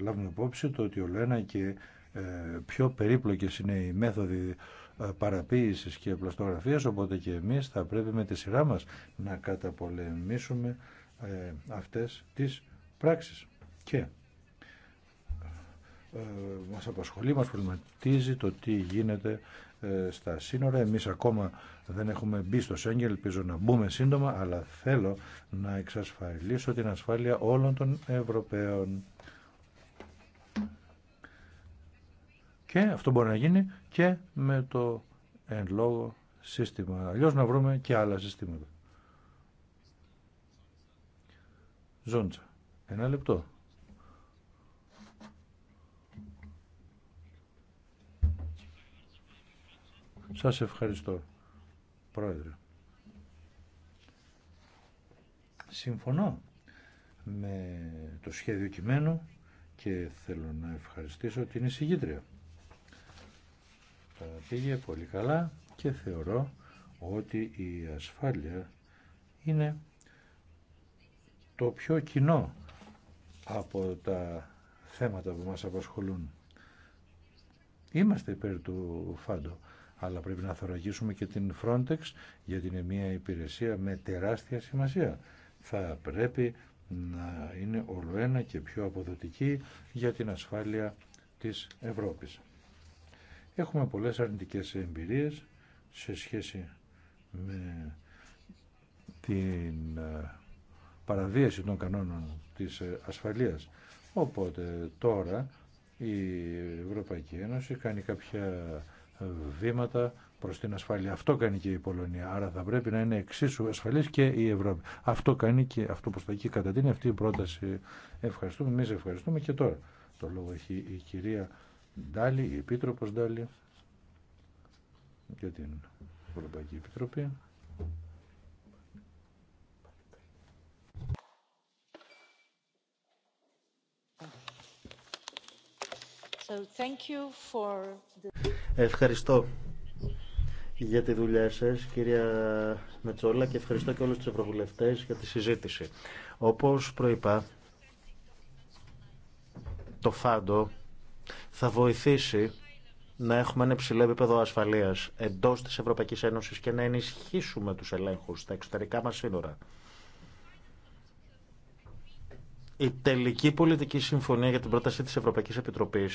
λάβουμε υπόψη το ότι ολοένα και ε, πιο περίπλοκες είναι οι μέθοδοι ε, παραποίησης και πλαστογραφίας, οπότε και εμείς θα πρέπει με τη σειρά μας να καταπολεμήσουμε ε, αυτές τις πράξεις. Και μας απασχολεί, μας προβληματίζει το τι γίνεται στα σύνορα. Εμείς ακόμα δεν έχουμε μπει στο Σέγγελ, ελπίζω να μπούμε σύντομα, αλλά θέλω να εξασφαλίσω την ασφάλεια όλων των Ευρωπαίων. Και αυτό μπορεί να γίνει και με το εν λόγω σύστημα. Αλλιώ να βρούμε και άλλα συστήματα. Ζόντσα. Ένα λεπτό. Σας ευχαριστώ, Πρόεδρε. Συμφωνώ με το σχέδιο κειμένου και θέλω να ευχαριστήσω την εισηγήτρια πήγε πολύ καλά και θεωρώ ότι η ασφάλεια είναι το πιο κοινό από τα θέματα που μας απασχολούν. Είμαστε υπέρ του φάντο, αλλά πρέπει να θωρακίσουμε και την Frontex, γιατί είναι μια υπηρεσία με τεράστια σημασία. Θα πρέπει να είναι ολοένα και πιο αποδοτική για την ασφάλεια της Ευρώπης. Έχουμε πολλές αρνητικές εμπειρίες σε σχέση με την ε, παραβίαση των κανόνων της ε, ασφαλείας. Οπότε τώρα η Ευρωπαϊκή Ένωση κάνει κάποια βήματα προς την ασφάλεια. Αυτό κάνει και η Πολωνία. Άρα θα πρέπει να είναι εξίσου ασφαλής και η Ευρώπη. Αυτό κάνει και αυτό που τα κατά την αυτή η πρόταση. Ευχαριστούμε. Εμείς ευχαριστούμε και τώρα. Το λόγο έχει η κυρία Ντάλι, η Επίτροπος Ντάλι για την Ευρωπαϊκή Επιτροπή. Ευχαριστώ για τη δουλειά σας, κυρία Μετσόλα, και ευχαριστώ και όλους τους ευρωβουλευτές για τη συζήτηση. Όπως προείπα, το ΦΑΝΤΟ θα βοηθήσει να έχουμε ένα υψηλό επίπεδο ασφαλεία εντό τη Ευρωπαϊκή Ένωση και να ενισχύσουμε του ελέγχου στα εξωτερικά μα σύνορα. Η τελική πολιτική συμφωνία για την πρόταση τη Ευρωπαϊκή Επιτροπή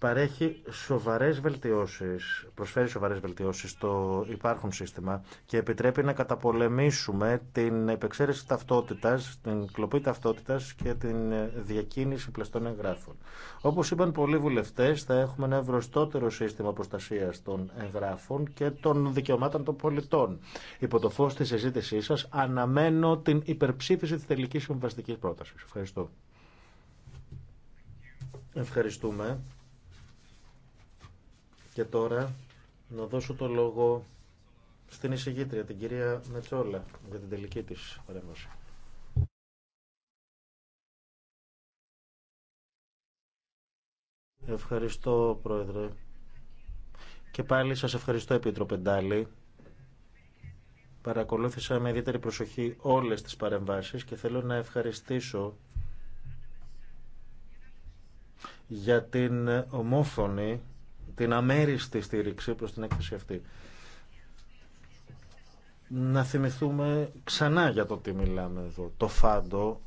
παρέχει σοβαρές βελτιώσεις, προσφέρει σοβαρές βελτιώσεις στο υπάρχον σύστημα και επιτρέπει να καταπολεμήσουμε την επεξαίρεση ταυτότητας, την κλοπή ταυτότητας και την διακίνηση πλαστών εγγράφων. Όπως είπαν πολλοί βουλευτές, θα έχουμε ένα ευρωστότερο σύστημα προστασίας των εγγράφων και των δικαιωμάτων των πολιτών. Υπό το φως της συζήτησή σας αναμένω την υπερψήφιση της τελικής συμβαστικής πρότασης. Ευχαριστώ. Ευχαριστούμε. Και τώρα να δώσω το λόγο στην εισηγήτρια, την κυρία Μετσόλα, για την τελική της παρέμβαση. Ευχαριστώ, Πρόεδρε. Και πάλι σας ευχαριστώ, Επίτροπε Ντάλη. Παρακολούθησα με ιδιαίτερη προσοχή όλες τις παρεμβάσεις και θέλω να ευχαριστήσω για την ομόφωνη την αμέριστη στήριξη προς την έκθεση αυτή. Να θυμηθούμε ξανά για το τι μιλάμε εδώ. Το ΦΑΝΤΟ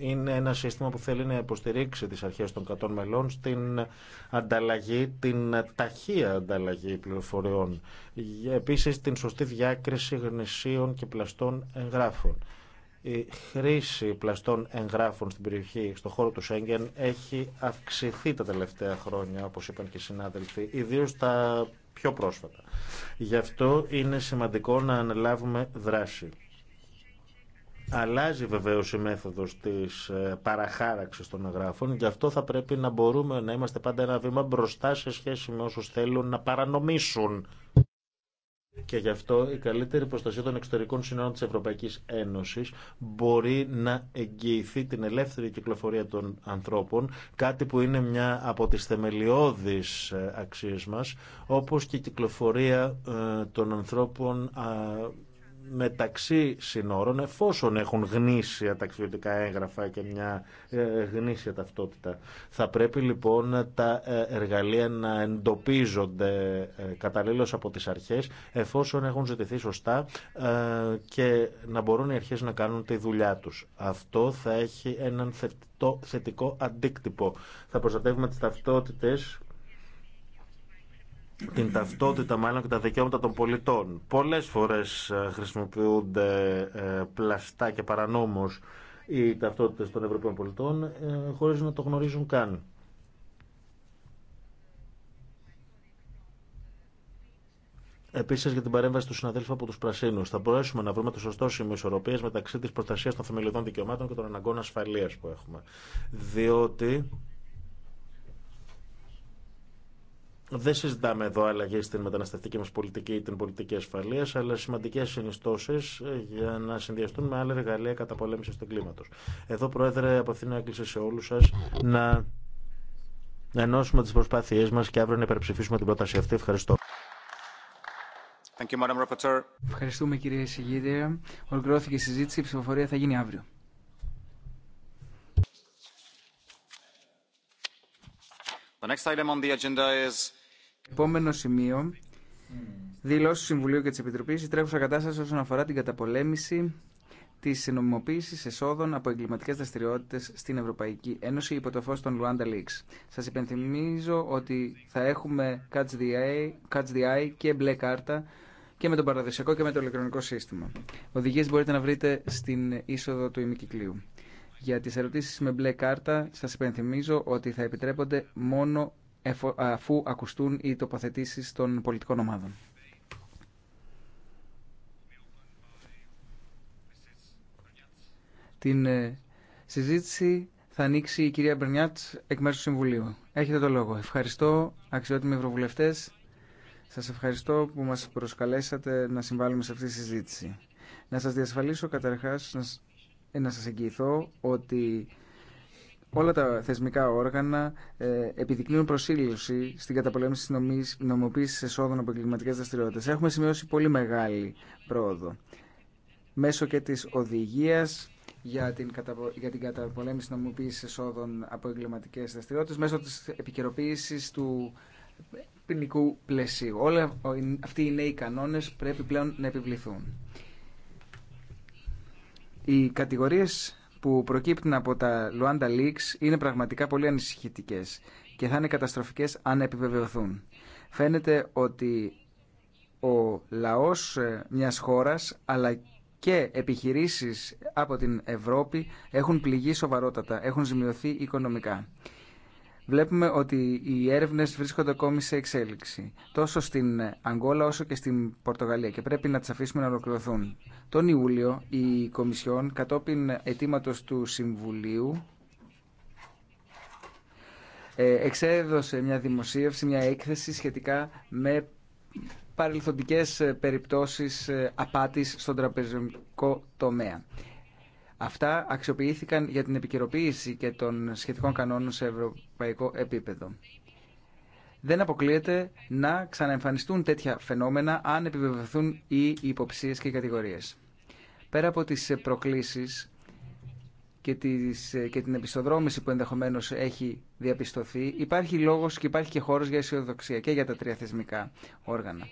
ε, είναι ένα σύστημα που θέλει να υποστηρίξει τις αρχές των 100 μελών στην ανταλλαγή, την ταχεία ανταλλαγή πληροφοριών. Επίσης την σωστή διάκριση γνησίων και πλαστών εγγράφων η χρήση πλαστών εγγράφων στην περιοχή, στον χώρο του Σέγγεν, έχει αυξηθεί τα τελευταία χρόνια, όπως είπαν και οι συνάδελφοι, ιδίως τα πιο πρόσφατα. Γι' αυτό είναι σημαντικό να αναλάβουμε δράση. Αλλάζει βεβαίω η μέθοδο τη ε, παραχάραξη των εγγράφων, γι' αυτό θα πρέπει να μπορούμε να είμαστε πάντα ένα βήμα μπροστά σε σχέση με όσου θέλουν να παρανομήσουν και γι' αυτό η καλύτερη προστασία των εξωτερικών συνόρων της Ευρωπαϊκής Ένωσης μπορεί να εγγυηθεί την ελεύθερη κυκλοφορία των ανθρώπων, κάτι που είναι μια από τι θεμελιώδει ε, αξίες μας, όπως και η κυκλοφορία ε, των ανθρώπων μεταξύ συνόρων εφόσον έχουν γνήσια ταξιδιωτικά έγγραφα και μια ε, γνήσια ταυτότητα. Θα πρέπει λοιπόν τα ε, εργαλεία να εντοπίζονται ε, καταλήλως από τις αρχές εφόσον έχουν ζητηθεί σωστά και να μπορούν οι αρχές να κάνουν τη δουλειά τους. Αυτό θα έχει έναν θετικό αντίκτυπο. Θα προστατεύουμε τις ταυτότητες την ταυτότητα μάλλον και τα δικαιώματα των πολιτών. Πολλές φορές ε, χρησιμοποιούνται ε, πλαστά και παρανόμως οι ταυτότητες των Ευρωπαίων πολιτών ε, χωρίς να το γνωρίζουν καν. Επίση για την παρέμβαση του συναδέλφου από του Πρασίνου. Θα μπορέσουμε να βρούμε το σωστό σημείο ισορροπία μεταξύ τη προστασία των θεμελιωδών δικαιωμάτων και των αναγκών ασφαλεία που έχουμε. Διότι Δεν συζητάμε εδώ αλλαγέ στην μεταναστευτική μα πολιτική ή την πολιτική ασφαλεία, αλλά σημαντικέ συνιστώσει για να συνδυαστούν με άλλα εργαλεία καταπολέμηση του κλίματο. Εδώ, Πρόεδρε, απευθύνω έκκληση σε όλου σα να ενώσουμε τι προσπάθειέ μα και αύριο να υπερψηφίσουμε την πρόταση αυτή. Ευχαριστώ. Ευχαριστούμε, κυρία Συγγήτρια. Ολοκληρώθηκε η συζήτηση. Η ψηφοφορία θα γίνει αύριο. Το Επόμενο σημείο, δηλώσει του Συμβουλίου και τη Επιτροπή, η τρέχουσα κατάσταση όσον αφορά την καταπολέμηση τη νομιμοποίηση εσόδων από εγκληματικέ δραστηριότητε στην Ευρωπαϊκή Ένωση υπό το φω των Luanda Λίξ. Σα υπενθυμίζω ότι θα έχουμε Catch the, Eye, Catch the Eye και μπλε κάρτα και με τον παραδοσιακό και με το ηλεκτρονικό σύστημα. Οδηγίε μπορείτε να βρείτε στην είσοδο του ημικυκλίου. Για τις ερωτήσεις με μπλε κάρτα σας υπενθυμίζω ότι θα επιτρέπονται μόνο αφού ακουστούν οι τοποθετήσεις των πολιτικών ομάδων. Την ε, συζήτηση θα ανοίξει η κυρία Μπρνιάτ εκ μέρους του Συμβουλίου. Έχετε το λόγο. Ευχαριστώ αξιότιμοι ευρωβουλευτές. Σας ευχαριστώ που μας προσκαλέσατε να συμβάλλουμε σε αυτή τη συζήτηση. Να σας διασφαλίσω καταρχάς ε, να σας εγγυηθώ ότι όλα τα θεσμικά όργανα ε, επιδεικνύουν προσήλωση στην καταπολέμηση της νομοποίησης εσόδων από εγκληματικέ δραστηριότητε. Έχουμε σημειώσει πολύ μεγάλη πρόοδο μέσω και της οδηγίας για την, για την καταπολέμηση νομοποίησης εσόδων από εγκληματικέ δραστηριότητε μέσω της επικαιροποίηση του ποινικού πλαισίου. Όλα αυτοί οι νέοι κανόνες πρέπει πλέον να επιβληθούν. Οι κατηγορίες που προκύπτουν από τα Λουάντα Leaks είναι πραγματικά πολύ ανησυχητικές και θα είναι καταστροφικές αν επιβεβαιωθούν. Φαίνεται ότι ο λαός ε, μιας χώρας αλλά και επιχειρήσεις από την Ευρώπη έχουν πληγεί σοβαρότατα, έχουν ζημιωθεί οικονομικά βλέπουμε ότι οι έρευνες βρίσκονται ακόμη σε εξέλιξη, τόσο στην Αγγόλα όσο και στην Πορτογαλία και πρέπει να τις αφήσουμε να ολοκληρωθούν. Τον Ιούλιο η Κομισιόν κατόπιν αιτήματος του Συμβουλίου ε, εξέδωσε μια δημοσίευση, μια έκθεση σχετικά με παρελθοντικές περιπτώσεις ε, απάτης στον τραπεζικό τομέα. Αυτά αξιοποιήθηκαν για την επικαιροποίηση και των σχετικών κανόνων σε ευρωπαϊκό επίπεδο. Δεν αποκλείεται να ξαναεμφανιστούν τέτοια φαινόμενα αν επιβεβαιωθούν οι υποψίες και οι κατηγορίες. Πέρα από τις προκλήσεις και, τις, και την επιστοδρόμηση που ενδεχομένως έχει διαπιστωθεί, υπάρχει λόγος και υπάρχει και χώρος για αισιοδοξία και για τα τρία θεσμικά όργανα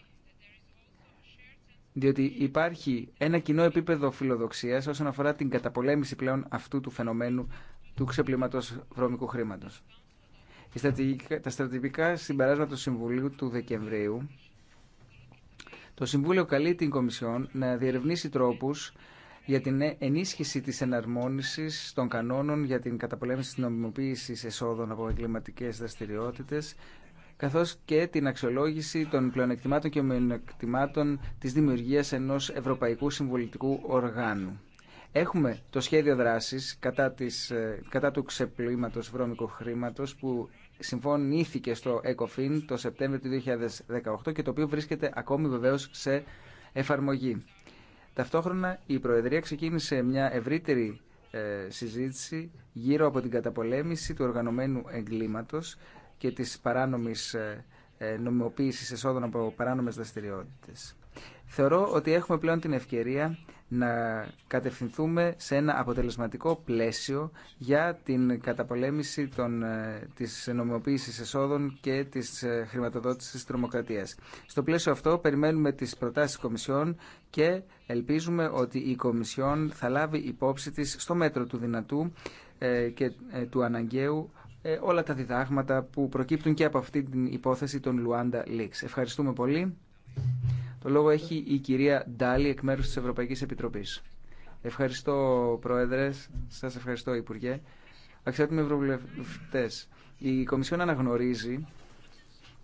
διότι υπάρχει ένα κοινό επίπεδο φιλοδοξίας όσον αφορά την καταπολέμηση πλέον αυτού του φαινομένου του ξεπλήματο βρώμικου χρήματο. Τα στρατηγικά συμπεράσματα του Συμβουλίου του Δεκεμβρίου το Συμβούλιο καλεί την Κομισιόν να διερευνήσει τρόπους για την ενίσχυση της εναρμόνισης των κανόνων για την καταπολέμηση της νομιμοποίησης εσόδων από εγκληματικέ δραστηριότητε, καθώς και την αξιολόγηση των πλεονεκτημάτων και μειονεκτημάτων της δημιουργίας ενός Ευρωπαϊκού Συμβολητικού Οργάνου. Έχουμε το σχέδιο δράσης κατά, της, ε, κατά του ξεπλήματος βρώμικου χρήματος που συμφωνήθηκε στο ECOFIN το Σεπτέμβριο του 2018 και το οποίο βρίσκεται ακόμη βεβαίως σε εφαρμογή. Ταυτόχρονα η Προεδρία ξεκίνησε μια ευρύτερη ε, συζήτηση γύρω από την καταπολέμηση του οργανωμένου εγκλήματος και της παράνομη ε, ε, νομιμοποίηση εσόδων από παράνομες δραστηριότητε. Θεωρώ ότι έχουμε πλέον την ευκαιρία να κατευθυνθούμε σε ένα αποτελεσματικό πλαίσιο για την καταπολέμηση των, ε, της νομιμοποίησης εσόδων και της χρηματοδότησης τρομοκρατίας. Στο πλαίσιο αυτό περιμένουμε τις προτάσεις Κομισιόν και ελπίζουμε ότι η Κομισιόν θα λάβει υπόψη της στο μέτρο του δυνατού και του αναγκαίου ε, όλα τα διδάγματα που προκύπτουν και από αυτή την υπόθεση των Λουάντα Λίξ. Ευχαριστούμε πολύ. Το λόγο έχει η κυρία Ντάλη εκ μέρους της Ευρωπαϊκής Επιτροπής. Ευχαριστώ, Πρόεδρες. Σας ευχαριστώ, Υπουργέ. Αξιότιμοι Ευρωβουλευτές, η Κομισιόν αναγνωρίζει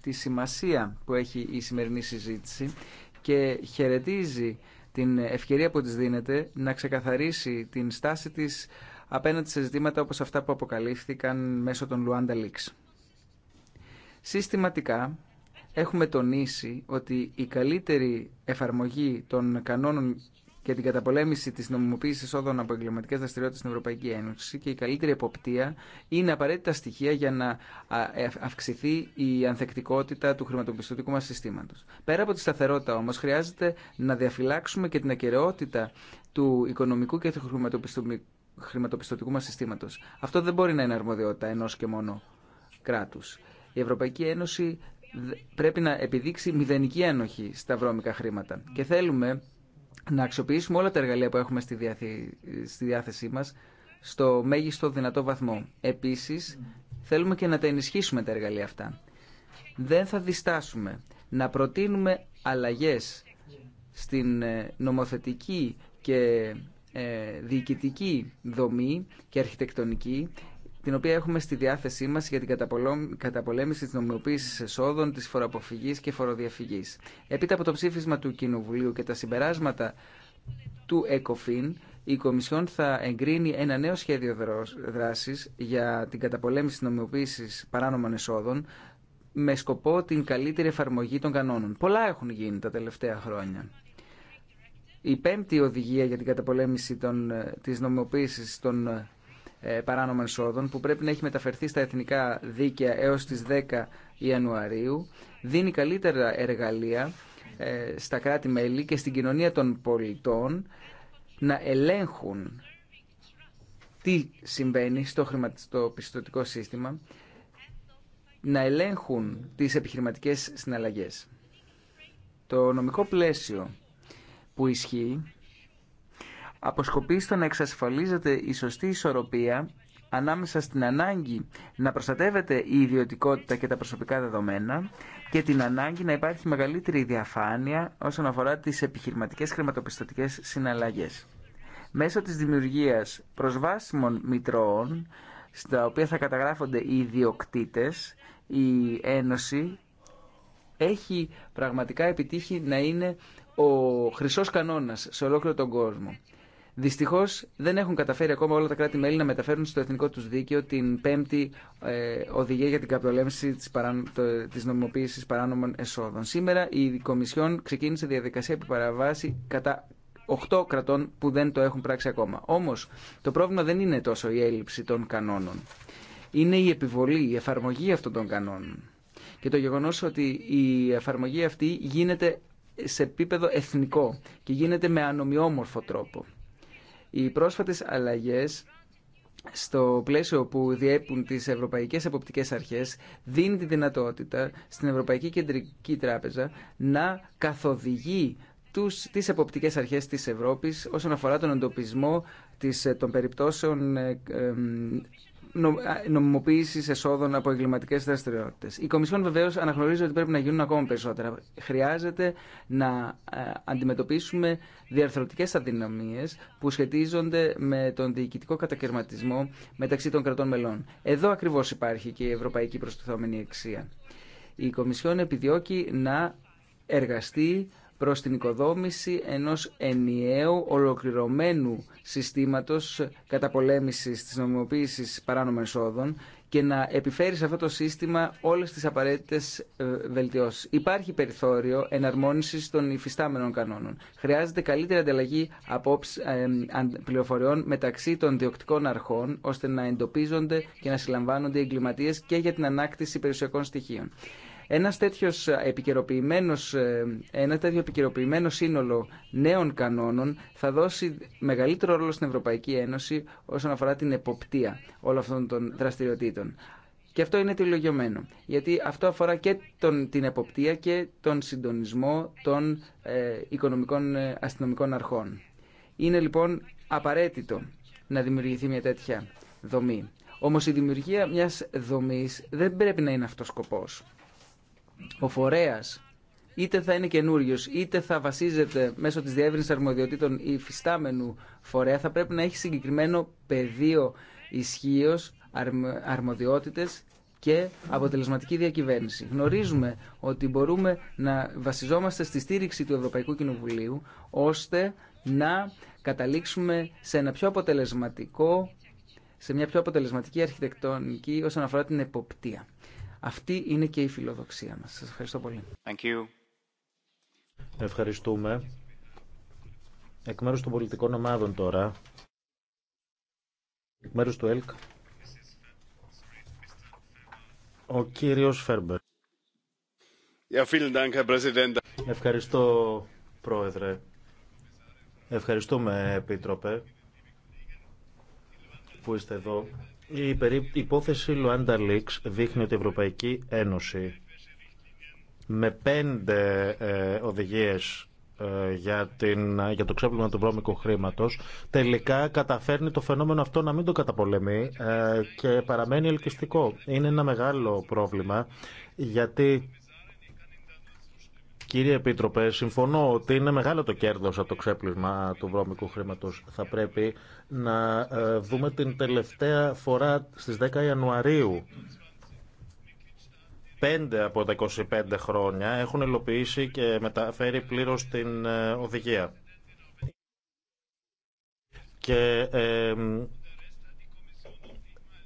τη σημασία που έχει η σημερινή συζήτηση και χαιρετίζει την ευκαιρία που της δίνεται να ξεκαθαρίσει την στάση της απέναντι σε ζητήματα όπως αυτά που αποκαλύφθηκαν μέσω των Λουάντα Λίξ. Συστηματικά έχουμε τονίσει ότι η καλύτερη εφαρμογή των κανόνων και την καταπολέμηση τη νομιμοποίηση όδων από εγκληματικέ δραστηριότητε στην Ευρωπαϊκή Ένωση και η καλύτερη εποπτεία είναι απαραίτητα στοιχεία για να ε, αυξηθεί η ανθεκτικότητα του χρηματοπιστωτικού μα συστήματο. Πέρα από τη σταθερότητα όμω, χρειάζεται να διαφυλάξουμε και την ακαιρεότητα του οικονομικού και του χρηματοπιστωτικού μας συστήματος. Αυτό δεν μπορεί να είναι αρμοδιότητα ενός και μόνο κράτους. Η Ευρωπαϊκή Ένωση πρέπει να επιδείξει μηδενική ένοχη στα βρώμικα χρήματα. Και θέλουμε να αξιοποιήσουμε όλα τα εργαλεία που έχουμε στη, διάθεση, στη μας στο μέγιστο δυνατό βαθμό. Επίσης, θέλουμε και να τα ενισχύσουμε τα εργαλεία αυτά. Δεν θα διστάσουμε να προτείνουμε αλλαγές στην ε, νομοθετική και ε, διοικητική δομή και αρχιτεκτονική την οποία έχουμε στη διάθεσή μας για την καταπολέμηση της νομιμοποίησης εσόδων, της φοροαποφυγής και φοροδιαφυγής. Επίτα από το ψήφισμα του Κοινοβουλίου και τα συμπεράσματα του ΕΚΟΦΗΝ, η Κομισιόν θα εγκρίνει ένα νέο σχέδιο δράσης για την καταπολέμηση της νομιμοποίησης παράνομων εσόδων με σκοπό την καλύτερη εφαρμογή των κανόνων. Πολλά έχουν γίνει τα τελευταία χρόνια. Η πέμπτη οδηγία για την καταπολέμηση των, της νομιμοποίησης των ε, παράνομων σώδων που πρέπει να έχει μεταφερθεί στα εθνικά δίκαια έως τις 10 Ιανουαρίου δίνει καλύτερα εργαλεία ε, στα κράτη-μέλη και στην κοινωνία των πολιτών να ελέγχουν τι συμβαίνει στο πιστοτικό σύστημα, να ελέγχουν τις επιχειρηματικές συναλλαγές. Το νομικό πλαίσιο που ισχύει αποσκοπεί στο να εξασφαλίζεται η σωστή ισορροπία ανάμεσα στην ανάγκη να προστατεύεται η ιδιωτικότητα και τα προσωπικά δεδομένα και την ανάγκη να υπάρχει μεγαλύτερη διαφάνεια όσον αφορά τις επιχειρηματικές χρηματοπιστωτικές συναλλαγές. Μέσω της δημιουργίας προσβάσιμων μητρώων, στα οποία θα καταγράφονται οι ιδιοκτήτες, η Ένωση έχει πραγματικά επιτύχει να είναι ο χρυσό κανόνα σε ολόκληρο τον κόσμο. Δυστυχώ δεν έχουν καταφέρει ακόμα όλα τα κράτη-μέλη να μεταφέρουν στο εθνικό του δίκαιο την πέμπτη ε, οδηγία για την καπτολέμηση τη παράνο... της νομιμοποίηση παράνομων εσόδων. Σήμερα η Κομισιόν ξεκίνησε διαδικασία επιπαραβάση κατά 8 κρατών που δεν το έχουν πράξει ακόμα. Όμω το πρόβλημα δεν είναι τόσο η έλλειψη των κανόνων. Είναι η επιβολή, η εφαρμογή αυτών των κανόνων. Και το γεγονό ότι η εφαρμογή αυτή γίνεται σε επίπεδο εθνικό και γίνεται με ανομοιόμορφο τρόπο. Οι πρόσφατες αλλαγές στο πλαίσιο που διέπουν τις Ευρωπαϊκές Εποπτικές Αρχές δίνει τη δυνατότητα στην Ευρωπαϊκή Κεντρική Τράπεζα να καθοδηγεί τους, τις εποπτικές αρχές της Ευρώπης όσον αφορά τον εντοπισμό της, των περιπτώσεων ε, ε, νομιμοποίηση εσόδων από εγκληματικέ δραστηριότητε. Η Κομισιόν βεβαίω αναγνωρίζει ότι πρέπει να γίνουν ακόμα περισσότερα. Χρειάζεται να αντιμετωπίσουμε διαρθρωτικέ αδυναμίε που σχετίζονται με τον διοικητικό κατακαιρματισμό μεταξύ των κρατών μελών. Εδώ ακριβώ υπάρχει και η ευρωπαϊκή προστιθόμενη αξία. Η Κομισιόν επιδιώκει να εργαστεί προς την οικοδόμηση ενός ενιαίου ολοκληρωμένου συστήματος καταπολέμησης της νομιμοποίησης παράνομων εσόδων και να επιφέρει σε αυτό το σύστημα όλες τις απαραίτητες ε, βελτιώσεις. Υπάρχει περιθώριο εναρμόνισης των υφιστάμενων κανόνων. Χρειάζεται καλύτερη ανταλλαγή από ε, πληροφοριών μεταξύ των διοκτικών αρχών, ώστε να εντοπίζονται και να συλλαμβάνονται οι εγκληματίες και για την ανάκτηση περιουσιακών στοιχείων. Ε, ε, ένα τέτοιο επικαιροποιημένο σύνολο νέων κανόνων θα δώσει μεγαλύτερο ρόλο στην Ευρωπαϊκή Ένωση όσον αφορά την εποπτεία όλων αυτών των δραστηριοτήτων. Και αυτό είναι τελειωμένο, γιατί αυτό αφορά και τον, την εποπτεία και τον συντονισμό των ε, οικονομικών ε, αστυνομικών αρχών. Είναι λοιπόν απαραίτητο να δημιουργηθεί μια τέτοια δομή. Όμως η δημιουργία μιας δομής δεν πρέπει να είναι αυτός σκοπός ο φορέα, είτε θα είναι καινούριο, είτε θα βασίζεται μέσω της διεύρυνση αρμοδιοτήτων ή φυστάμενου φορέα, θα πρέπει να έχει συγκεκριμένο πεδίο ισχύω, αρμοδιότητες και αποτελεσματική διακυβέρνηση. Γνωρίζουμε ότι μπορούμε να βασιζόμαστε στη στήριξη του Ευρωπαϊκού Κοινοβουλίου, ώστε να καταλήξουμε σε ένα πιο αποτελεσματικό σε μια πιο αποτελεσματική αρχιτεκτονική όσον αφορά την εποπτεία. Αυτή είναι και η φιλοδοξία μας. Σας ευχαριστώ πολύ. Ευχαριστούμε. Εκ μέρους των πολιτικών ομάδων τώρα, εκ μέρους του ΕΛΚ, ο κύριος Φέρμπερ. Ευχαριστώ, Πρόεδρε. Ευχαριστούμε, Επίτροπε, που είστε εδώ. Η υπόθεση Λουάντα Λίξ δείχνει ότι η Ευρωπαϊκή Ένωση με πέντε ε, οδηγίες ε, για, την, για το ξέπλυμα του βρώμικου χρήματος τελικά καταφέρνει το φαινόμενο αυτό να μην το καταπολεμεί ε, και παραμένει ελκυστικό. Είναι ένα μεγάλο πρόβλημα γιατί Κύριε Επίτροπε, συμφωνώ ότι είναι μεγάλο το κέρδος από το ξέπλυσμα του βρώμικου χρήματος. Θα πρέπει να ε, δούμε την τελευταία φορά στις 10 Ιανουαρίου. Πέντε από τα 25 χρόνια έχουν υλοποιήσει και μεταφέρει πλήρως την ε, οδηγία. Και ε,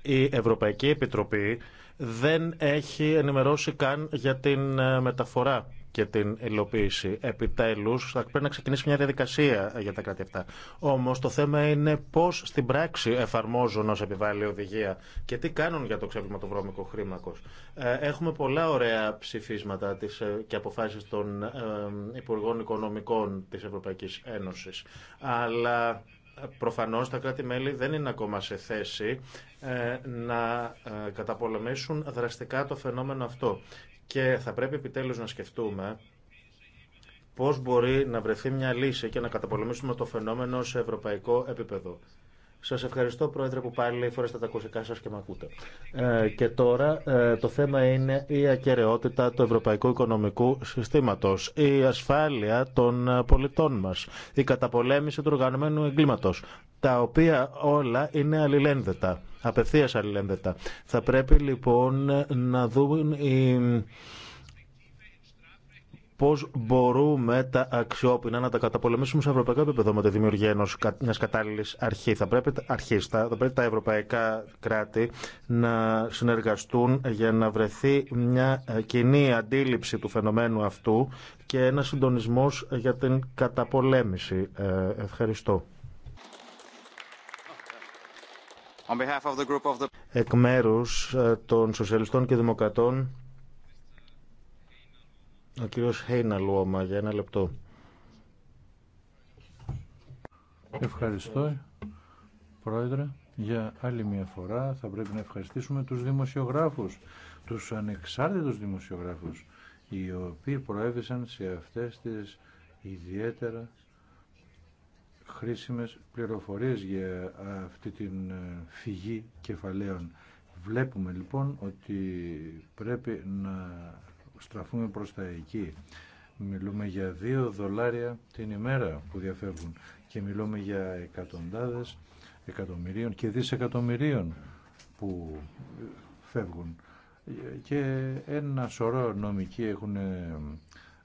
η Ευρωπαϊκή Επιτροπή δεν έχει ενημερώσει καν για την μεταφορά και την υλοποίηση. Επιτέλου, θα πρέπει να ξεκινήσει μια διαδικασία για τα κράτη αυτά. Όμω το θέμα είναι πώ στην πράξη εφαρμόζουν ω επιβάλλει οδηγία και τι κάνουν για το ξέπλυμα το βρώμικο χρήματο. Ε, έχουμε πολλά ωραία ψηφίσματα ε, και αποφάσει των ε, Υπουργών Οικονομικών τη Ευρωπαϊκή Ένωση. Αλλά προφανώ τα κράτη-μέλη δεν είναι ακόμα σε θέση να καταπολεμήσουν δραστικά το φαινόμενο αυτό. Και θα πρέπει επιτέλους να σκεφτούμε πώς μπορεί να βρεθεί μια λύση και να καταπολεμήσουμε το φαινόμενο σε ευρωπαϊκό επίπεδο. Σας ευχαριστώ, Πρόεδρε, που πάλι φορέσατε τα ακουστικά σα και με ακούτε. Ε, και τώρα ε, το θέμα είναι η ακαιρεότητα του ευρωπαϊκού οικονομικού συστήματος, η ασφάλεια των πολιτών μας, η καταπολέμηση του οργανωμένου εγκλήματο, τα οποία όλα είναι αλληλένδετα. Απευθεία αλληλένδετα. Θα πρέπει λοιπόν να δούμε ε, πώς μπορούμε τα αξιόπινα να τα καταπολεμήσουμε σε ευρωπαϊκό επίπεδο με τη δημιουργία μια κατάλληλη αρχή. Θα πρέπει, αρχής, θα, πρέπει τα ευρωπαϊκά κράτη να συνεργαστούν για να βρεθεί μια ε, κοινή αντίληψη του φαινομένου αυτού και ένα συντονισμός για την καταπολέμηση. Ε, ευχαριστώ. Εκ μέρου ε, των Σοσιαλιστών και Δημοκρατών, ο κύριο Χέινα Λουόμα, για ένα λεπτό. Ευχαριστώ, Πρόεδρε. Για άλλη μια φορά θα πρέπει να ευχαριστήσουμε τους δημοσιογράφους, τους ανεξάρτητους δημοσιογράφους, οι οποίοι προέβησαν σε αυτές τις ιδιαίτερα χρήσιμες πληροφορίες για αυτή την ε, φυγή κεφαλαίων. Βλέπουμε λοιπόν ότι πρέπει να στραφούμε προς τα εκεί. Μιλούμε για δύο δολάρια την ημέρα που διαφεύγουν και μιλούμε για εκατοντάδες εκατομμυρίων και δισεκατομμυρίων που ε, φεύγουν. Ε, και ένα σωρό νομικοί έχουν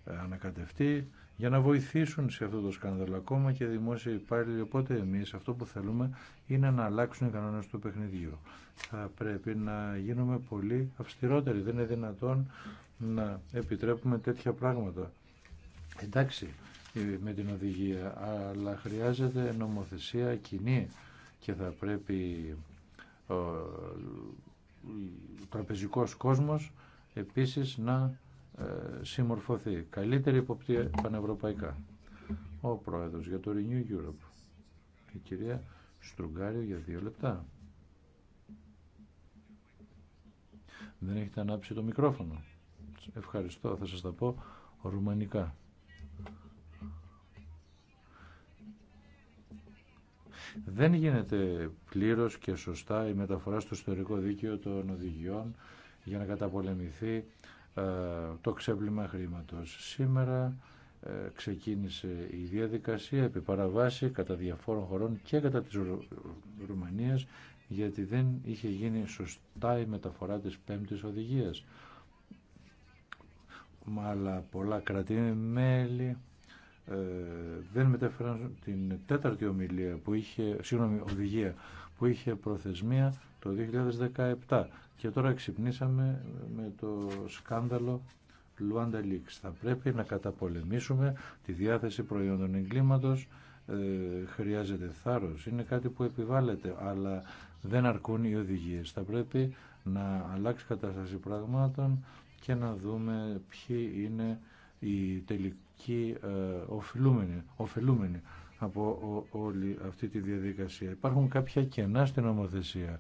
ανακατευτεί για να βοηθήσουν σε αυτό το σκάνδαλο ακόμα και δημόσια υπάλληλοι. Οπότε εμείς αυτό που θέλουμε είναι να αλλάξουν οι κανόνες του παιχνιδιού. Θα πρέπει να γίνουμε πολύ αυστηρότεροι. Δεν είναι δυνατόν να επιτρέπουμε τέτοια πράγματα. Εντάξει με την οδηγία, αλλά χρειάζεται νομοθεσία κοινή και θα πρέπει ο τραπεζικός κόσμος επίσης να ε, συμμορφωθεί. Καλύτερη υποπτία πανευρωπαϊκά. Ο πρόεδρος για το Renew Europe. Η κυρία Στρουγκάριο για δύο λεπτά. Δεν έχετε ανάψει το μικρόφωνο. Ευχαριστώ, θα σας τα πω ρουμανικά. Δεν γίνεται πλήρως και σωστά η μεταφορά στο ιστορικό δίκαιο των οδηγιών για να καταπολεμηθεί ε, το ξέπλυμα χρήματος. Σήμερα ε, ξεκίνησε η διαδικασία επί παραβάση κατά διαφόρων χωρών και κατά της Ρουμανίας γιατί δεν είχε γίνει σωστά η μεταφορά της πέμπτης οδηγίας. Αλλά πολλά κρατήματα... μέλη ε, δεν μετέφεραν την τέταρτη ομιλία που είχε, οδηγία που είχε προθεσμία το 2017 και τώρα ξυπνήσαμε με το σκάνδαλο Λουάντα Λίξ. Θα πρέπει να καταπολεμήσουμε τη διάθεση προϊόντων εγκλήματος, ε, χρειάζεται θάρρος, είναι κάτι που επιβάλλεται, αλλά δεν αρκούν οι οδηγίες. Θα πρέπει να αλλάξει κατάσταση πραγμάτων και να δούμε ποιοι είναι οι τελικοί ε, ωφελούμενοι από όλη αυτή τη διαδικασία. Υπάρχουν κάποια κενά στην νομοθεσία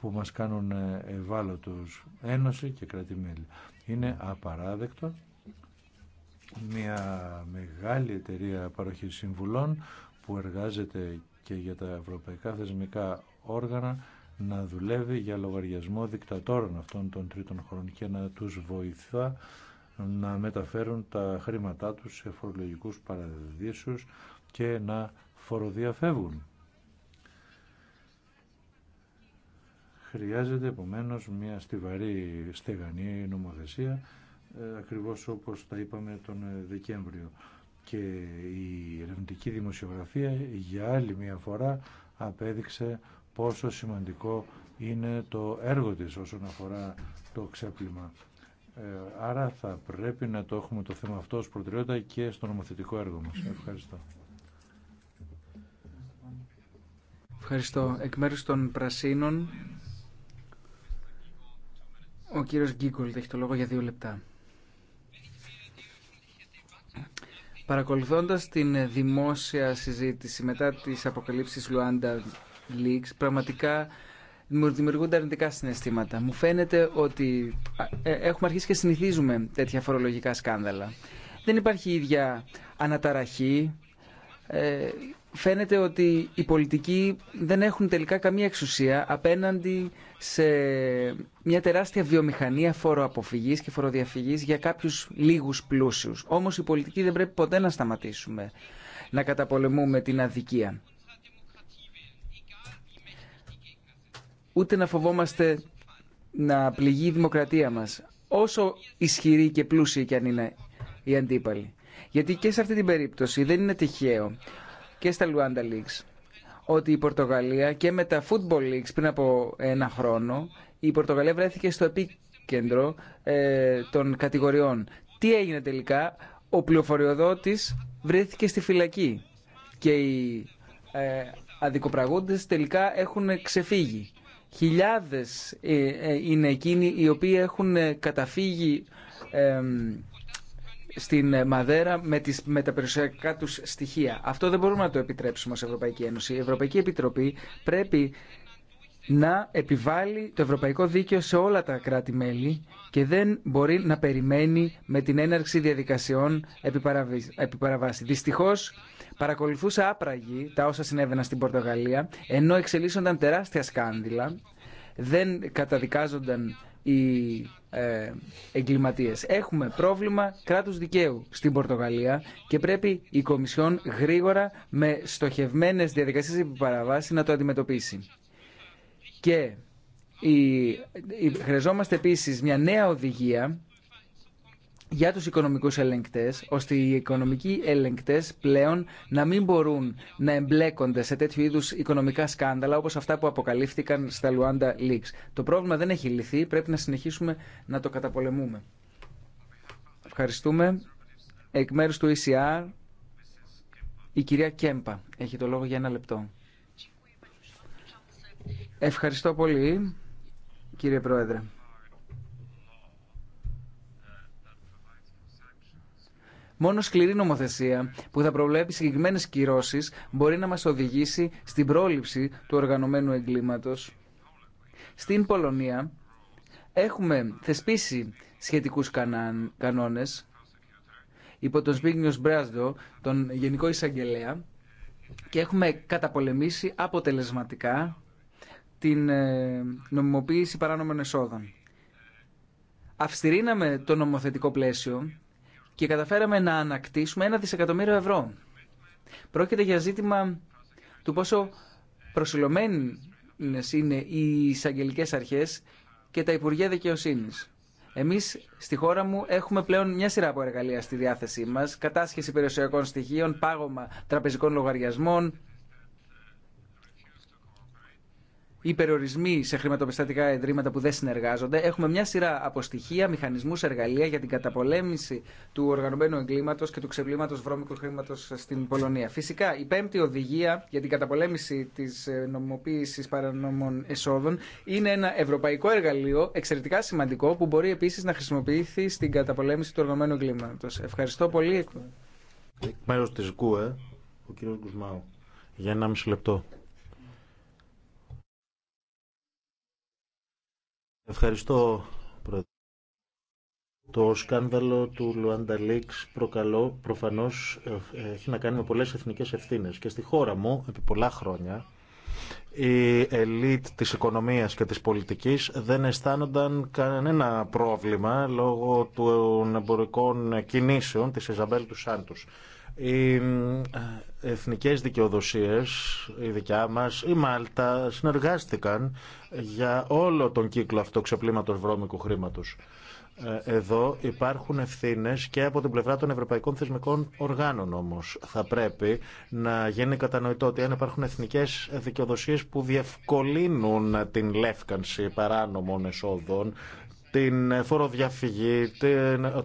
που μας κάνουν ε, τους Ένωση και κρατημέλη. Είναι απαράδεκτο μια μεγάλη εταιρεία παροχής συμβουλών που εργάζεται και για τα ευρωπαϊκά θεσμικά όργανα να δουλεύει για λογαριασμό δικτατόρων αυτών των τρίτων χωρών και να τους βοηθά να μεταφέρουν τα χρήματά τους σε φορολογικούς παραδείσους και να φοροδιαφεύγουν. Χρειάζεται επομένω μια στιβαρή στεγανή νομοθεσία, ε, ακριβώς όπως τα είπαμε τον ε, Δεκέμβριο. Και η ερευνητική δημοσιογραφία για άλλη μια φορά απέδειξε πόσο σημαντικό είναι το έργο της όσον αφορά το ξέπλυμα. Ε, άρα θα πρέπει να το έχουμε το θέμα αυτό ως προτεραιότητα και στο νομοθετικό έργο μας. Ευχαριστώ. Ευχαριστώ. Εκ μέρους των Πρασίνων ο κύριος Γκίγκολτ έχει το λόγο για δύο λεπτά. Παρακολουθώντας την δημόσια συζήτηση μετά τις αποκαλύψεις Λουάντα Λίξ, πραγματικά δημιουργούνται αρνητικά συναισθήματα. Μου φαίνεται ότι ε, έχουμε αρχίσει και συνηθίζουμε τέτοια φορολογικά σκάνδαλα. Δεν υπάρχει ίδια αναταραχή, ε, φαίνεται ότι οι πολιτικοί δεν έχουν τελικά καμία εξουσία απέναντι σε μια τεράστια βιομηχανία φοροαποφυγής και φοροδιαφυγής για κάποιους λίγους πλούσιους. Όμως οι πολιτικοί δεν πρέπει ποτέ να σταματήσουμε να καταπολεμούμε την αδικία. Ούτε να φοβόμαστε να πληγεί η δημοκρατία μας, όσο ισχυρή και πλούσιοι κι αν είναι οι αντίπαλοι. Γιατί και σε αυτή την περίπτωση δεν είναι τυχαίο και στα Λουάντα Leaks ότι η Πορτογαλία και με τα Football Leaks πριν από ένα χρόνο η Πορτογαλία βρέθηκε στο επίκεντρο ε, των κατηγοριών. Τι έγινε τελικά, ο πληροφοριοδότης βρέθηκε στη φυλακή και οι ε, αδικοπραγούντες τελικά έχουν ξεφύγει. Χιλιάδες ε, ε, είναι εκείνοι οι οποίοι έχουν καταφύγει στην Μαδέρα με, τις, με τα περιουσιακά του στοιχεία. Αυτό δεν μπορούμε να το επιτρέψουμε ως Ευρωπαϊκή Ένωση. Η Ευρωπαϊκή Επιτροπή πρέπει να επιβάλλει το ευρωπαϊκό δίκαιο σε όλα τα κράτη-μέλη και δεν μπορεί να περιμένει με την έναρξη διαδικασιών επί παραβάση. Δυστυχώς παρακολουθούσα άπραγη τα όσα συνέβαιναν στην Πορτογαλία ενώ εξελίσσονταν τεράστια σκάνδυλα, δεν καταδικάζονταν οι ε, εγκληματίες. Έχουμε πρόβλημα κράτους δικαίου στην Πορτογαλία και πρέπει η Κομισιόν γρήγορα με στοχευμένες διαδικασίες επιπαραβάση να το αντιμετωπίσει. Και η, χρειαζόμαστε επίσης μια νέα οδηγία για τους οικονομικούς ελεγκτές, ώστε οι οικονομικοί ελεγκτές πλέον να μην μπορούν να εμπλέκονται σε τέτοιου είδους οικονομικά σκάνδαλα όπως αυτά που αποκαλύφθηκαν στα Λουάντα Leaks. Το πρόβλημα δεν έχει λυθεί, πρέπει να συνεχίσουμε να το καταπολεμούμε. Ευχαριστούμε. Εκ μέρους του ECR, η κυρία Κέμπα έχει το λόγο για ένα λεπτό. Ευχαριστώ πολύ, κύριε Πρόεδρε. Μόνο σκληρή νομοθεσία που θα προβλέπει συγκεκριμένε κυρώσει μπορεί να μα οδηγήσει στην πρόληψη του οργανωμένου εγκλήματο. Στην Πολωνία έχουμε θεσπίσει σχετικούς κανόνες υπό τον Σπίγνιος Μπράζδο, τον Γενικό Εισαγγελέα και έχουμε καταπολεμήσει αποτελεσματικά την ε, νομιμοποίηση παράνομων εσόδων. Αυστηρήναμε το νομοθετικό πλαίσιο και καταφέραμε να ανακτήσουμε ένα δισεκατομμύριο ευρώ. Πρόκειται για ζήτημα του πόσο προσιλωμένε είναι οι εισαγγελικέ αρχές και τα Υπουργεία Δικαιοσύνη. Εμείς στη χώρα μου έχουμε πλέον μια σειρά από εργαλεία στη διάθεσή μας, κατάσχεση περιουσιακών στοιχείων, πάγωμα τραπεζικών λογαριασμών, υπερορισμοί περιορισμοί σε χρηματοπιστωτικά ιδρύματα που δεν συνεργάζονται. Έχουμε μια σειρά από στοιχεία, μηχανισμού, εργαλεία για την καταπολέμηση του οργανωμένου εγκλήματο και του ξεπλήματο βρώμικου χρήματο στην Πολωνία. Φυσικά, η πέμπτη οδηγία για την καταπολέμηση τη ε, νομοποίηση παρανόμων εσόδων είναι ένα ευρωπαϊκό εργαλείο εξαιρετικά σημαντικό που μπορεί επίση να χρησιμοποιηθεί στην καταπολέμηση του οργανωμένου εγκλήματο. Ευχαριστώ πολύ. Μέρο τη ΚΟΕ, ο Για ένα μισό λεπτό. Ευχαριστώ, Πρόεδρε. Το σκάνδαλο του Λουάντα Λίξ προκαλώ προφανώς ε, έχει να κάνει με πολλές εθνικές ευθύνες και στη χώρα μου επί πολλά χρόνια η ελίτ της οικονομίας και της πολιτικής δεν αισθάνονταν κανένα πρόβλημα λόγω των εμπορικών κινήσεων της Ιζαμπέλ του Σάντους. Οι ε, εθνικές δικαιοδοσίες, η δικιά μας, η Μάλτα, συνεργάστηκαν για όλο τον κύκλο αυτοξεπλήματος βρώμικου χρήματος. Ε, εδώ υπάρχουν ευθύνε και από την πλευρά των ευρωπαϊκών θεσμικών οργάνων όμω. Θα πρέπει να γίνει κατανοητό ότι αν υπάρχουν εθνικέ δικαιοδοσίε που διευκολύνουν την λεύκανση παράνομων εσόδων, την φοροδιαφυγή,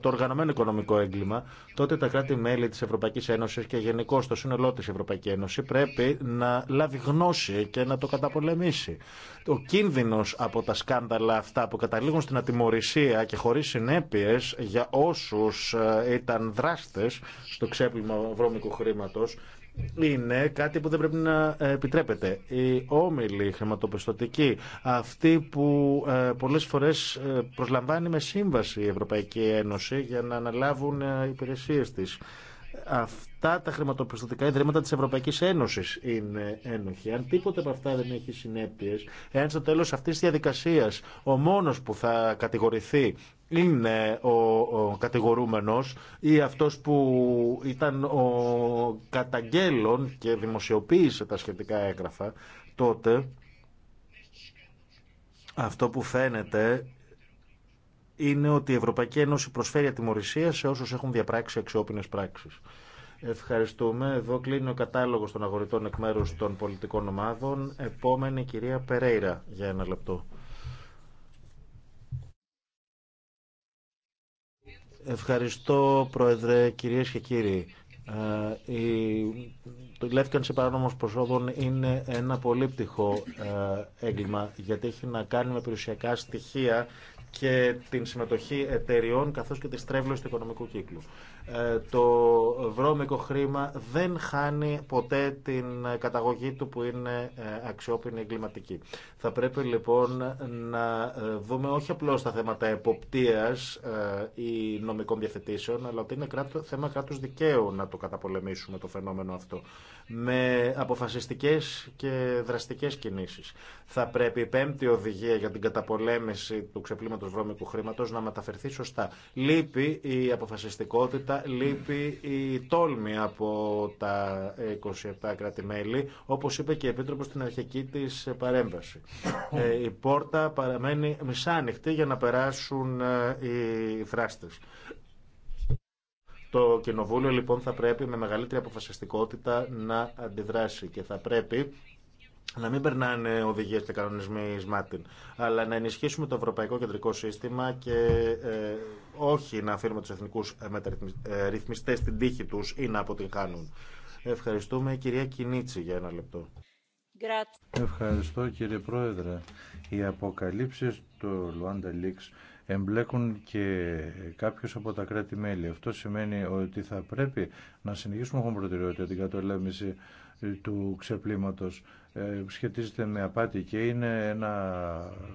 το οργανωμένο οικονομικό έγκλημα, τότε τα κράτη-μέλη της Ευρωπαϊκής Ένωσης και γενικώ το σύνολό της Ευρωπαϊκή Ένωση πρέπει να λάβει γνώση και να το καταπολεμήσει. Ο κίνδυνος από τα σκάνδαλα αυτά που καταλήγουν στην ατιμορρησία και χωρίς συνέπειες για όσους ε, ήταν δράστες στο ξέπλυμα βρώμικου χρήματος είναι κάτι που δεν πρέπει να ε, επιτρέπεται. Οι όμιλοι χρηματοπιστωτικοί, αυτοί που ε, πολλές φορές ε, προσλαμβάνει με σύμβαση η Ευρωπαϊκή Ένωση για να αναλάβουν υπηρεσίες της. Αυτά τα χρηματοπιστωτικά ιδρύματα τη Ευρωπαϊκή Ένωση είναι ένοχοι. Αν τίποτε από αυτά δεν έχει συνέπειε, εάν στο τέλο αυτή τη διαδικασία ο μόνο που θα κατηγορηθεί είναι ο, ο κατηγορούμενος ή αυτός που ήταν ο καταγγέλων και δημοσιοποίησε τα σχετικά έγγραφα, τότε αυτό που φαίνεται είναι ότι η Ευρωπαϊκή Ένωση προσφέρει ατιμορρησία σε όσους έχουν διαπράξει αξιόπινες πράξεις. Ευχαριστούμε. Εδώ κλείνει ο κατάλογος των αγορητών εκ μέρους των πολιτικών ομάδων. Επόμενη κυρία Περέιρα για ένα λεπτό. Ευχαριστώ, Πρόεδρε, κυρίες και κύριοι. Ε, το λεύκανση παράνομων προσώπων είναι ένα πολύπτυχο ε, έγκλημα γιατί έχει να κάνει με περιουσιακά στοιχεία και την συμμετοχή εταιριών καθώς και τη στρέβλωση του οικονομικού κύκλου. Ε, το βρώμικο χρήμα δεν χάνει ποτέ την καταγωγή του που είναι ε, αξιόπινη εγκληματική. Θα πρέπει λοιπόν να ε, δούμε όχι απλώς τα θέματα εποπτείας ή νομικών διαθετήσεων, αλλά ότι είναι θέμα κράτους δικαίου να το καταπολεμήσουμε το φαινόμενο αυτό με αποφασιστικές και δραστικές κινήσεις. Θα πρέπει η πέμπτη οδηγία για την καταπολέμηση του ξεπλήματος βρώμικου χρήματος να μεταφερθεί σωστά. Λείπει η αποφασιστικότητα λείπει η τόλμη από τα 27 κράτη-μέλη, όπως είπε και η Επίτροπο στην αρχική της παρέμβαση. Ε, η πόρτα παραμένει μισά ανοιχτή για να περάσουν ε, οι θράστες. Το Κοινοβούλιο λοιπόν θα πρέπει με μεγαλύτερη αποφασιστικότητα να αντιδράσει και θα πρέπει να μην περνάνε οδηγίε και κανονισμοί σμάτιν αλλά να ενισχύσουμε το Ευρωπαϊκό Κεντρικό Σύστημα και ε, όχι να αφήνουμε τους εθνικούς ε, μεταρρυθμιστές ε, στην τύχη τους ή να αποτυγχάνουν. Ευχαριστούμε κυρία Κινίτση για ένα λεπτό. Ευχαριστώ κύριε Πρόεδρε. Οι αποκαλύψεις του Λουάντα Λίξ εμπλέκουν και κάποιους από τα κράτη-μέλη. Αυτό σημαίνει ότι θα πρέπει να συνεχίσουμε έχουμε προτεραιότητα την κατολέμηση του ξεπλήματος ε, σχετίζεται με απάτη και είναι ένα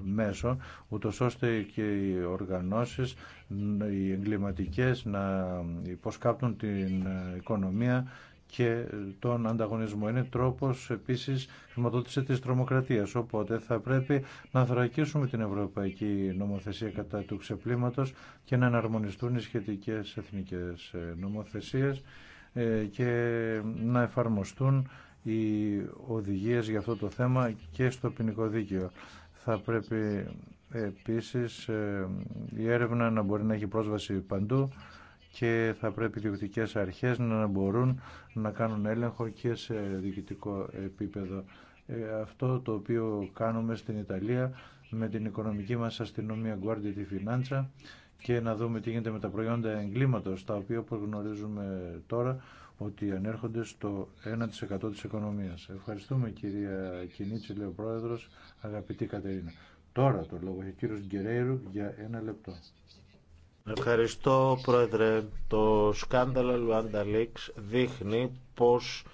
μέσο ούτως ώστε και οι οργανώσεις, οι εγκληματικές να υποσκάπτουν την οικονομία και τον ανταγωνισμό. Είναι τρόπος επίσης χρηματοδότηση της τρομοκρατίας, οπότε θα πρέπει να θωρακίσουμε την ευρωπαϊκή νομοθεσία κατά του ξεπλήματος και να εναρμονιστούν οι σχετικές εθνικές νομοθεσίες ε, και να εφαρμοστούν οι οδηγίες για αυτό το θέμα και στο ποινικό δίκαιο. Θα πρέπει ε, επίσης ε, η έρευνα να μπορεί να έχει πρόσβαση παντού και θα πρέπει οι διοικητικές αρχές να μπορούν να κάνουν έλεγχο και σε διοικητικό επίπεδο. Ε, αυτό το οποίο κάνουμε στην Ιταλία με την οικονομική μας αστυνομία Guardia di Finanza και να δούμε τι γίνεται με τα προϊόντα εγκλήματος, τα οποία όπως γνωρίζουμε τώρα ότι ανέρχονται στο 1% της οικονομίας. Ευχαριστούμε κυρία Κινίτση, λέει ο Πρόεδρος, αγαπητή Κατερίνα. Τώρα το λόγο έχει ο κύριος Γκερέιρου για ένα λεπτό. Ευχαριστώ Πρόεδρε. Το σκάνδαλο Λουάντα Λίξ δείχνει πως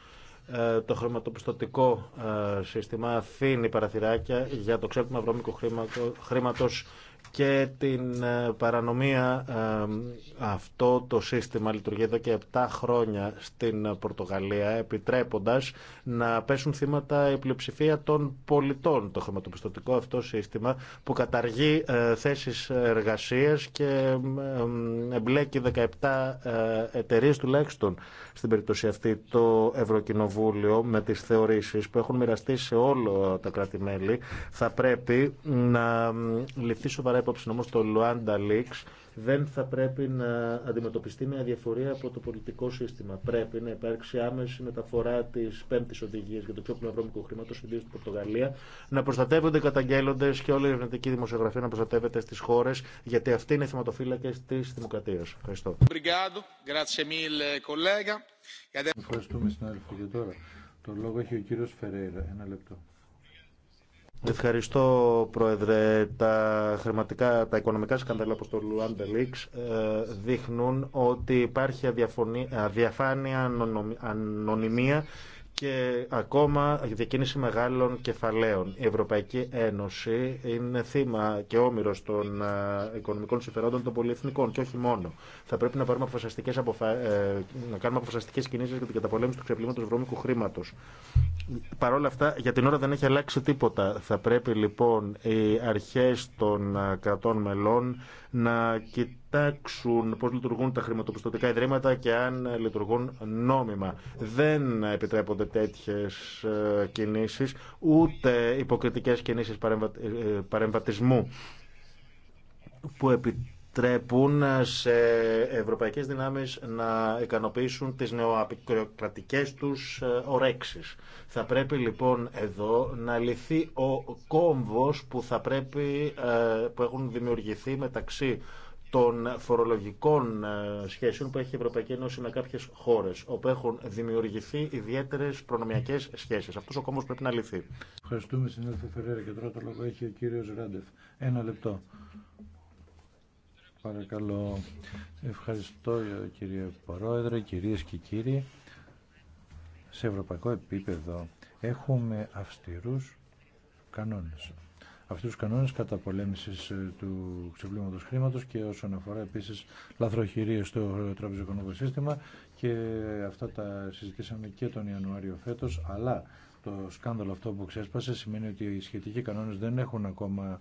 ε, το χρηματοπιστωτικό ε, σύστημα αφήνει παραθυράκια για το ξέπλυμα βρώμικου χρήματος και την ε, παρανομία. Ε, αυτό το σύστημα λειτουργεί εδώ και 7 χρόνια στην Πορτογαλία, επιτρέποντας να πέσουν θύματα η πλειοψηφία των πολιτών. Το χρηματοπιστωτικό αυτό σύστημα που καταργεί ε, θέσεις εργασίας και εμπλέκει 17 εταιρείε τουλάχιστον στην περίπτωση αυτή το Ευρωκοινοβούλιο με τις θεωρήσεις που έχουν μοιραστεί σε όλο τα κράτη-μέλη θα πρέπει να ληφθεί σοβαρά σοβαρά υπόψη όμω το Λουάντα Λίξ δεν θα πρέπει να αντιμετωπιστεί με αδιαφορία από το πολιτικό σύστημα. Πρέπει να υπάρξει άμεση μεταφορά τη πέμπτη οδηγία για το πιο πλευρόμικο χρήματο, ιδίω στην Πορτογαλία, να προστατεύονται οι καταγγέλλοντε και όλη η ερευνητική δημοσιογραφία να προστατεύεται στι χώρε, γιατί αυτοί είναι θεματοφύλακε τη δημοκρατία. Ευχαριστώ. Ευχαριστούμε, συνάδελφο. Και τώρα το λόγο έχει ο κύριο Φεραίρα. Ένα λεπτό. Ευχαριστώ, Πρόεδρε. Τα, χρηματικά, τα οικονομικά σκανδαλά όπως το Λουάντε Λίξ δείχνουν ότι υπάρχει αδιαφάνεια, ανωνυμία και ακόμα διακίνηση μεγάλων κεφαλαίων. Η Ευρωπαϊκή Ένωση είναι θύμα και όμοιρο των ε, οικονομικών συμφερόντων των πολυεθνικών και όχι μόνο. Θα πρέπει να, πάρουμε αποφα... Ε, να κάνουμε αποφασιστικέ κινήσει για την καταπολέμηση του ξεπλήματο βρώμικου χρήματο. Παρ' όλα αυτά, για την ώρα δεν έχει αλλάξει τίποτα. Θα πρέπει λοιπόν οι αρχές των ε, κρατών μελών να κοιτάξουν πώς λειτουργούν τα χρηματοπιστωτικά ιδρύματα και αν ε, λειτουργούν νόμιμα. Δεν επιτρέπονται τέτοιες ε, κινήσεις, ούτε υποκριτικές κινήσεις παρεμβατισμού που τρέπουν σε ευρωπαϊκές δυνάμεις να ικανοποιήσουν τις νεοαπικροκρατικές τους ε, ορέξεις. Θα πρέπει λοιπόν εδώ να λυθεί ο κόμβος που, θα πρέπει, ε, που έχουν δημιουργηθεί μεταξύ των φορολογικών ε, σχέσεων που έχει η Ευρωπαϊκή Ένωση με κάποιες χώρες, όπου έχουν δημιουργηθεί ιδιαίτερες προνομιακές σχέσεις. Αυτός ο κόμμος πρέπει να λυθεί. Ευχαριστούμε συνάδελφε Φερέρα και τώρα το λόγο έχει ο κύριος Ράντεφ. Ένα λεπτό παρακαλώ. Ευχαριστώ κύριε Πρόεδρε, κυρίες και κύριοι. Σε ευρωπαϊκό επίπεδο έχουμε αυστηρούς κανόνες. Αυτούς κανόνες κατά πολέμησης ε, του ξεπλήματος χρήματος και όσον αφορά επίσης λαθροχειρίες στο τραπεζικό σύστημα και αυτά τα συζητήσαμε και τον Ιανουάριο φέτος, αλλά το σκάνδαλο αυτό που ξέσπασε σημαίνει ότι οι σχετικοί κανόνες δεν έχουν ακόμα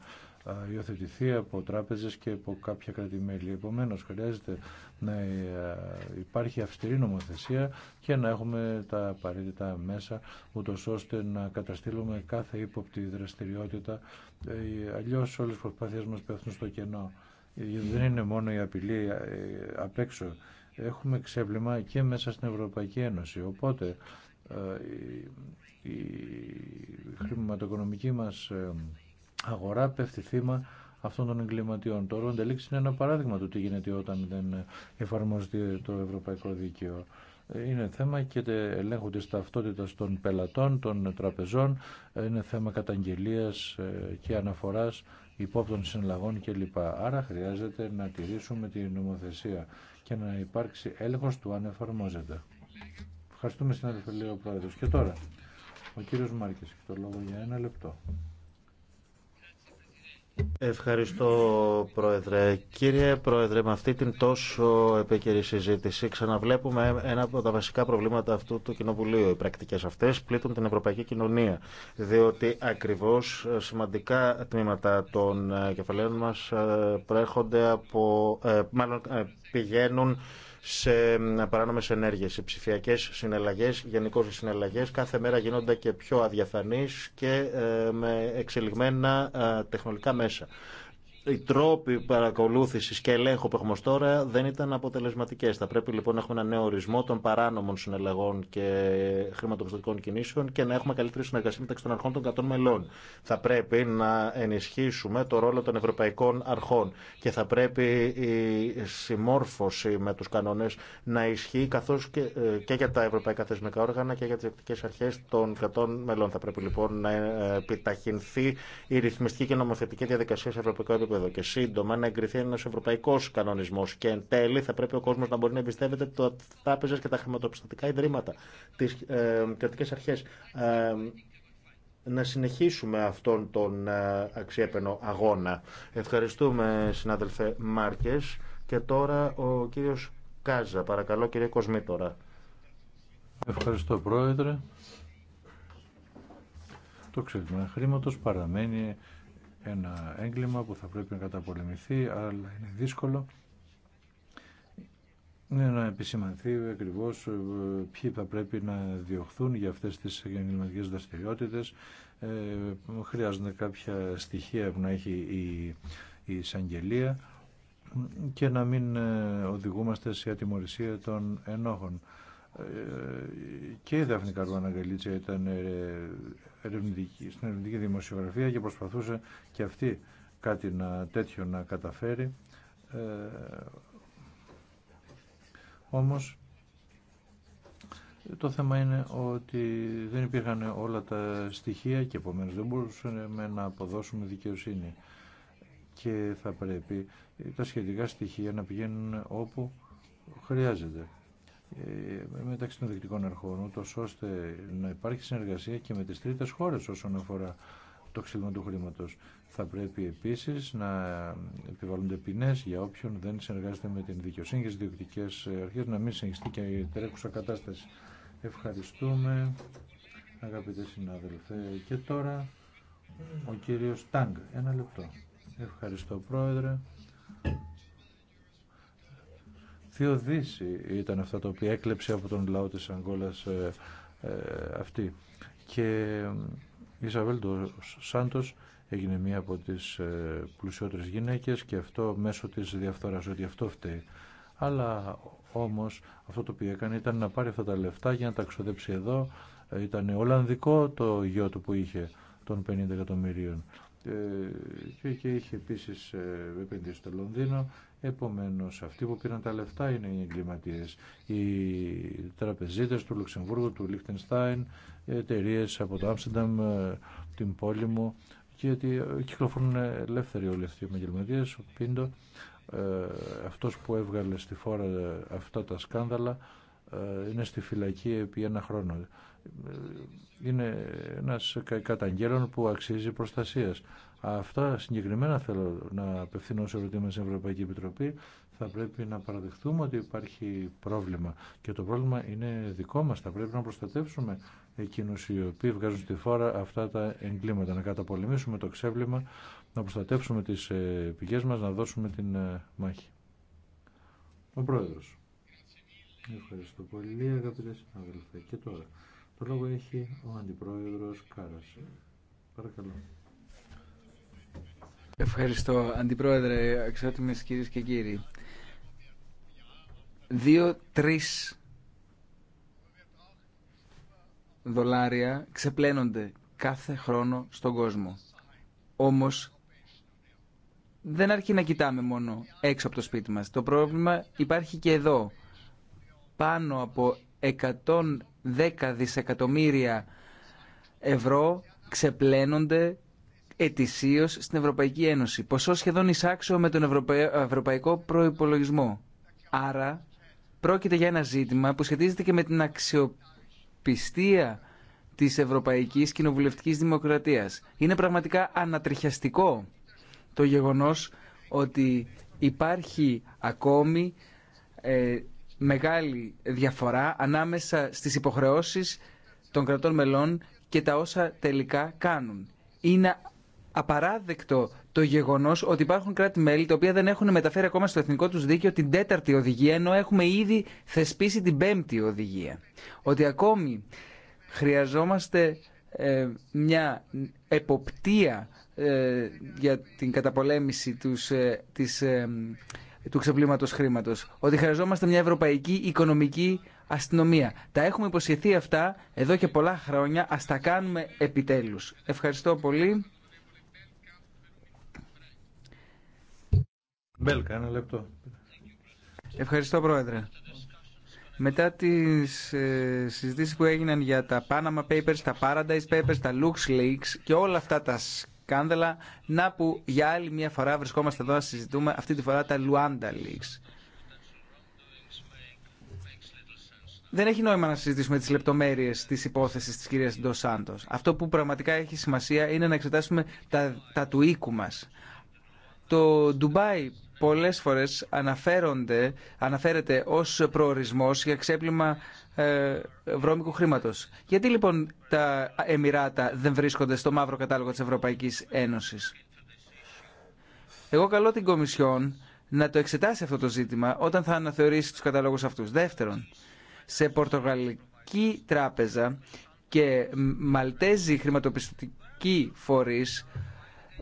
υιοθετηθεί από τράπεζες και από κάποια κρατημέλη. Επομένως, χρειάζεται να ε, υπάρχει αυστηρή νομοθεσία και να έχουμε τα απαραίτητα μέσα, ούτω ώστε να καταστήλουμε κάθε ύποπτη δραστηριότητα. Ε, ε, αλλιώς όλες οι προσπάθειές μας πέφτουν στο κενό. Δεν είναι μόνο η απειλή απ' έξω. Έχουμε ξέβλημα και μέσα στην Ευρωπαϊκή Ένωση. Οπότε η χρηματοοικονομική μας αγορά πέφτει θύμα αυτών των εγκληματιών. Το Ρόντε είναι ένα παράδειγμα του τι γίνεται όταν δεν εφαρμόζεται το ευρωπαϊκό δίκαιο. Είναι θέμα και ελέγχου τη ταυτότητας των πελατών, των τραπεζών, είναι θέμα καταγγελίας ε, και αναφοράς υπόπτων συναλλαγών κλπ. Άρα χρειάζεται να τηρήσουμε την νομοθεσία και να υπάρξει έλεγχος του αν εφαρμόζεται. Ευχαριστούμε στην αδελφή ο Πρόεδρος. Και τώρα, ο κύριος Μάρκης, έχει το λόγο για ένα λεπτό. Ευχαριστώ, Πρόεδρε. Κύριε Πρόεδρε, με αυτή την τόσο επίκαιρη συζήτηση ξαναβλέπουμε ένα από τα βασικά προβλήματα αυτού του Κοινοβουλίου. Οι πρακτικές αυτές πλήττουν την ευρωπαϊκή κοινωνία, διότι ακριβώς σημαντικά τμήματα των ε, κεφαλαίων μας ε, προέρχονται από, ε, μάλλον πηγαίνουν σε παράνομε ενέργειε, σε ψηφιακέ συναλλαγέ, γενικώ οι συναλλαγέ κάθε μέρα γίνονται και πιο αδιαφανεί και ε, με εξελιγμένα ε, τεχνολογικά μέσα οι τρόποι παρακολούθηση και ελέγχου που έχουμε ως τώρα δεν ήταν αποτελεσματικέ. Θα πρέπει λοιπόν να έχουμε ένα νέο ορισμό των παράνομων συνελεγών και χρηματοπιστωτικών κινήσεων και να έχουμε καλύτερη συνεργασία μεταξύ των αρχών των 100 μελών. Θα πρέπει να ενισχύσουμε το ρόλο των ευρωπαϊκών αρχών και θα πρέπει η συμμόρφωση με του κανόνε να ισχύει καθώ και, ε, και για τα ευρωπαϊκά θεσμικά όργανα και για τι διεκτικέ αρχέ των 100 μελών. Θα πρέπει λοιπόν να επιταχυνθεί η ρυθμιστική και νομοθετική διαδικασία σε ευρωπαϊκό επίπεδο επίπεδο και σύντομα να εγκριθεί ένα ευρωπαϊκό κανονισμό και εν τέλει θα πρέπει ο κόσμο να μπορεί να εμπιστεύεται το τράπεζε και τα χρηματοπιστωτικά ιδρύματα, τι ε, κρατικέ αρχέ. Ε, να συνεχίσουμε αυτόν τον ε, αξιέπαινο αγώνα. Ευχαριστούμε συνάδελφε Μάρκες και τώρα ο κύριος Κάζα. Παρακαλώ κύριε Κοσμή τώρα. Ευχαριστώ πρόεδρε. Το ξεκινάμε χρήματο παραμένει ένα έγκλημα που θα πρέπει να καταπολεμηθεί, αλλά είναι δύσκολο ναι, να επισημανθεί ακριβώ ε, ποιοι θα πρέπει να διωχθούν για αυτές τις εγκληματικέ δραστηριότητε. Ε, χρειάζονται κάποια στοιχεία που να έχει η, η εισαγγελία και να μην ε, οδηγούμαστε σε ατιμορρησία των ενόχων και η Δάφνη Καρβάνα ήταν ε, ερευνητική, στην ερευνητική δημοσιογραφία και προσπαθούσε και αυτή κάτι να, τέτοιο να καταφέρει. Ε, όμως το θέμα είναι ότι δεν υπήρχαν όλα τα στοιχεία και επομένω δεν μπορούσαμε να αποδώσουμε δικαιοσύνη και θα πρέπει τα σχετικά στοιχεία να πηγαίνουν όπου χρειάζεται. Ε, μεταξύ των διοικητικών αρχών, ούτως ώστε να υπάρχει συνεργασία και με τις τρίτες χώρες όσον αφορά το ξύλινο του χρήματος. Θα πρέπει επίσης να επιβαλούνται ποινές για όποιον δεν συνεργάζεται με την δικαιοσύνη και τις διοικητικές αρχές, να μην συνεχιστεί και η τρέχουσα κατάσταση. Ευχαριστούμε, αγαπητέ συνάδελφε. Και τώρα ο κύριος Τάγκ. Ένα λεπτό. Ευχαριστώ, Πρόεδρε. Δύο ήταν αυτά τα οποία έκλεψε από τον λαό της Αγγόλας ε, ε, αυτή. Και η ε, Ισαβέλ Σάντος έγινε μία από τις ε, πλουσιότερες γυναίκες και αυτό μέσω της διαφθοράς, ότι αυτό φταίει. Αλλά όμως αυτό το οποίο έκανε ήταν να πάρει αυτά τα λεφτά για να τα ξοδέψει εδώ. Ήταν Ολλανδικό το γιο του που είχε των 50 εκατομμυρίων. Ε, και είχε επίσης επενδύσει στο Λονδίνο Επομένως, αυτοί που πήραν τα λεφτά είναι οι εγκληματίες. Οι τραπεζίτες του Λουξεμβούργου, του Λίχτενστάιν, εταιρείε από το Άμστερνταμ, ε, την πόλη μου, γιατί ε, κυκλοφορούν ελεύθεροι όλοι αυτοί οι εγκληματίες. Ο Πίντο, ε, αυτός που έβγαλε στη φόρα αυτά τα σκάνδαλα, είναι στη φυλακή επί ένα χρόνο. Είναι ένας καταγγέλων που αξίζει προστασίας. Αυτά συγκεκριμένα θέλω να απευθύνω σε ερωτήμα στην Ευρωπαϊκή Επιτροπή. Θα πρέπει να παραδεχτούμε ότι υπάρχει πρόβλημα. Και το πρόβλημα είναι δικό μας. Θα πρέπει να προστατεύσουμε εκείνους οι οποίοι βγάζουν στη φόρα αυτά τα εγκλήματα. Να καταπολεμήσουμε το ξέβλημα, να προστατεύσουμε τις ε, πηγές μας, να δώσουμε την ε, μάχη. Ο Πρόεδρος. Ευχαριστώ πολύ αγαπητέ συνάδελφε. Και τώρα, το λόγο έχει ο Αντιπρόεδρος Κάρας. Παρακαλώ. Ευχαριστώ, Αντιπρόεδρε, αξιότιμες κυρίες και κύριοι. Δύο-τρεις δολάρια ξεπλένονται κάθε χρόνο στον κόσμο. Όμως δεν αρκεί να κοιτάμε μόνο έξω από το σπίτι μας. Το πρόβλημα υπάρχει και εδώ. Πάνω από 110 δισεκατομμύρια ευρώ ξεπλένονται ετησίως στην Ευρωπαϊκή Ένωση. Ποσό σχεδόν εισάξιο με τον Ευρωπαϊκό Προϋπολογισμό. Άρα πρόκειται για ένα ζήτημα που σχετίζεται και με την αξιοπιστία της Ευρωπαϊκής Κοινοβουλευτικής Δημοκρατίας. Είναι πραγματικά ανατριχιαστικό το γεγονός ότι υπάρχει ακόμη ε, μεγάλη διαφορά ανάμεσα στις υποχρεώσεις των κρατών μελών και τα όσα τελικά κάνουν. Είναι απαράδεκτο το γεγονό ότι υπάρχουν κράτη-μέλη τα οποία δεν έχουν μεταφέρει ακόμα στο εθνικό του δίκαιο την τέταρτη οδηγία, ενώ έχουμε ήδη θεσπίσει την πέμπτη οδηγία. Ότι ακόμη χρειαζόμαστε ε, μια εποπτεία ε, για την καταπολέμηση τους, ε, της, ε, του ξεπλήματος χρήματος. Ότι χρειαζόμαστε μια ευρωπαϊκή οικονομική αστυνομία. Τα έχουμε υποσχεθεί αυτά εδώ και πολλά χρόνια. Ας τα κάνουμε επιτέλους. Ευχαριστώ πολύ. λεπτό. Ευχαριστώ, Πρόεδρε. Μετά τις ε, συζητήσεις που έγιναν για τα Panama Papers, τα Paradise Papers, τα Lux Leaks και όλα αυτά τα σκάνδαλα, να που για άλλη μια φορά βρισκόμαστε εδώ να συζητούμε αυτή τη φορά τα Luanda Leaks. Δεν έχει νόημα να συζητήσουμε τι λεπτομέρειε τη υπόθεση τη κυρία Ντο Αυτό που πραγματικά έχει σημασία είναι να εξετάσουμε τα, τα του οίκου μα. Το Ντουμπάι πολλές φορές αναφέρονται, αναφέρεται ως προορισμός για ξέπλυμα ε, βρώμικου χρήματος. Γιατί λοιπόν τα Εμμυράτα δεν βρίσκονται στο μαύρο κατάλογο της Ευρωπαϊκής Ένωσης. Εγώ καλώ την Κομισιόν να το εξετάσει αυτό το ζήτημα όταν θα αναθεωρήσει τους καταλόγους αυτούς. Δεύτερον, σε πορτογαλική τράπεζα και Μαλτέζη χρηματοπιστωτική φορείς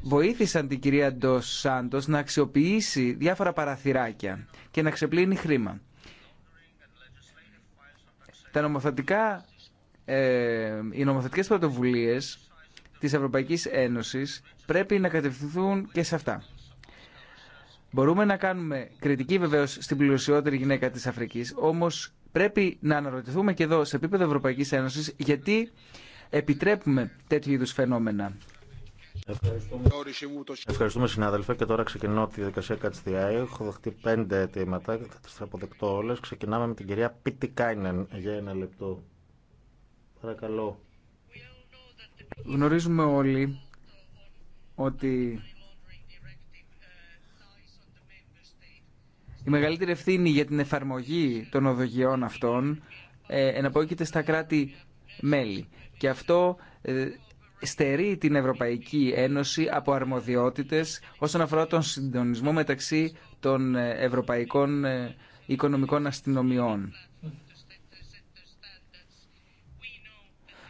βοήθησαν την κυρία Σάντος να αξιοποιήσει διάφορα παραθυράκια και να ξεπλύνει χρήμα. Τα νομοθετικά, ε, οι νομοθετικές πρωτοβουλίες της Ευρωπαϊκής Ένωσης πρέπει να κατευθυνθούν και σε αυτά. Μπορούμε να κάνουμε κριτική βεβαίως στην πλουσιότερη γυναίκα της Αφρικής, όμως πρέπει να αναρωτηθούμε και εδώ σε επίπεδο Ευρωπαϊκής Ένωσης γιατί επιτρέπουμε τέτοιου είδους φαινόμενα. Ευχαριστούμε. Ευχαριστούμε συνάδελφε και τώρα ξεκινώ τη δικασία Κατστιάη. Έχω δεχτεί πέντε αιτήματα, και θα τις αποδεκτώ όλες. Ξεκινάμε με την κυρία Πίτι Κάινεν για ένα λεπτό. Παρακαλώ. Γνωρίζουμε όλοι ότι η μεγαλύτερη ευθύνη για την εφαρμογή των οδογιών αυτών ε, εναπόκειται στα κράτη-μέλη. Και αυτό ε, στερεί την Ευρωπαϊκή Ένωση από αρμοδιότητες όσον αφορά τον συντονισμό μεταξύ των ε, ευρωπαϊκών ε, οικονομικών αστυνομιών.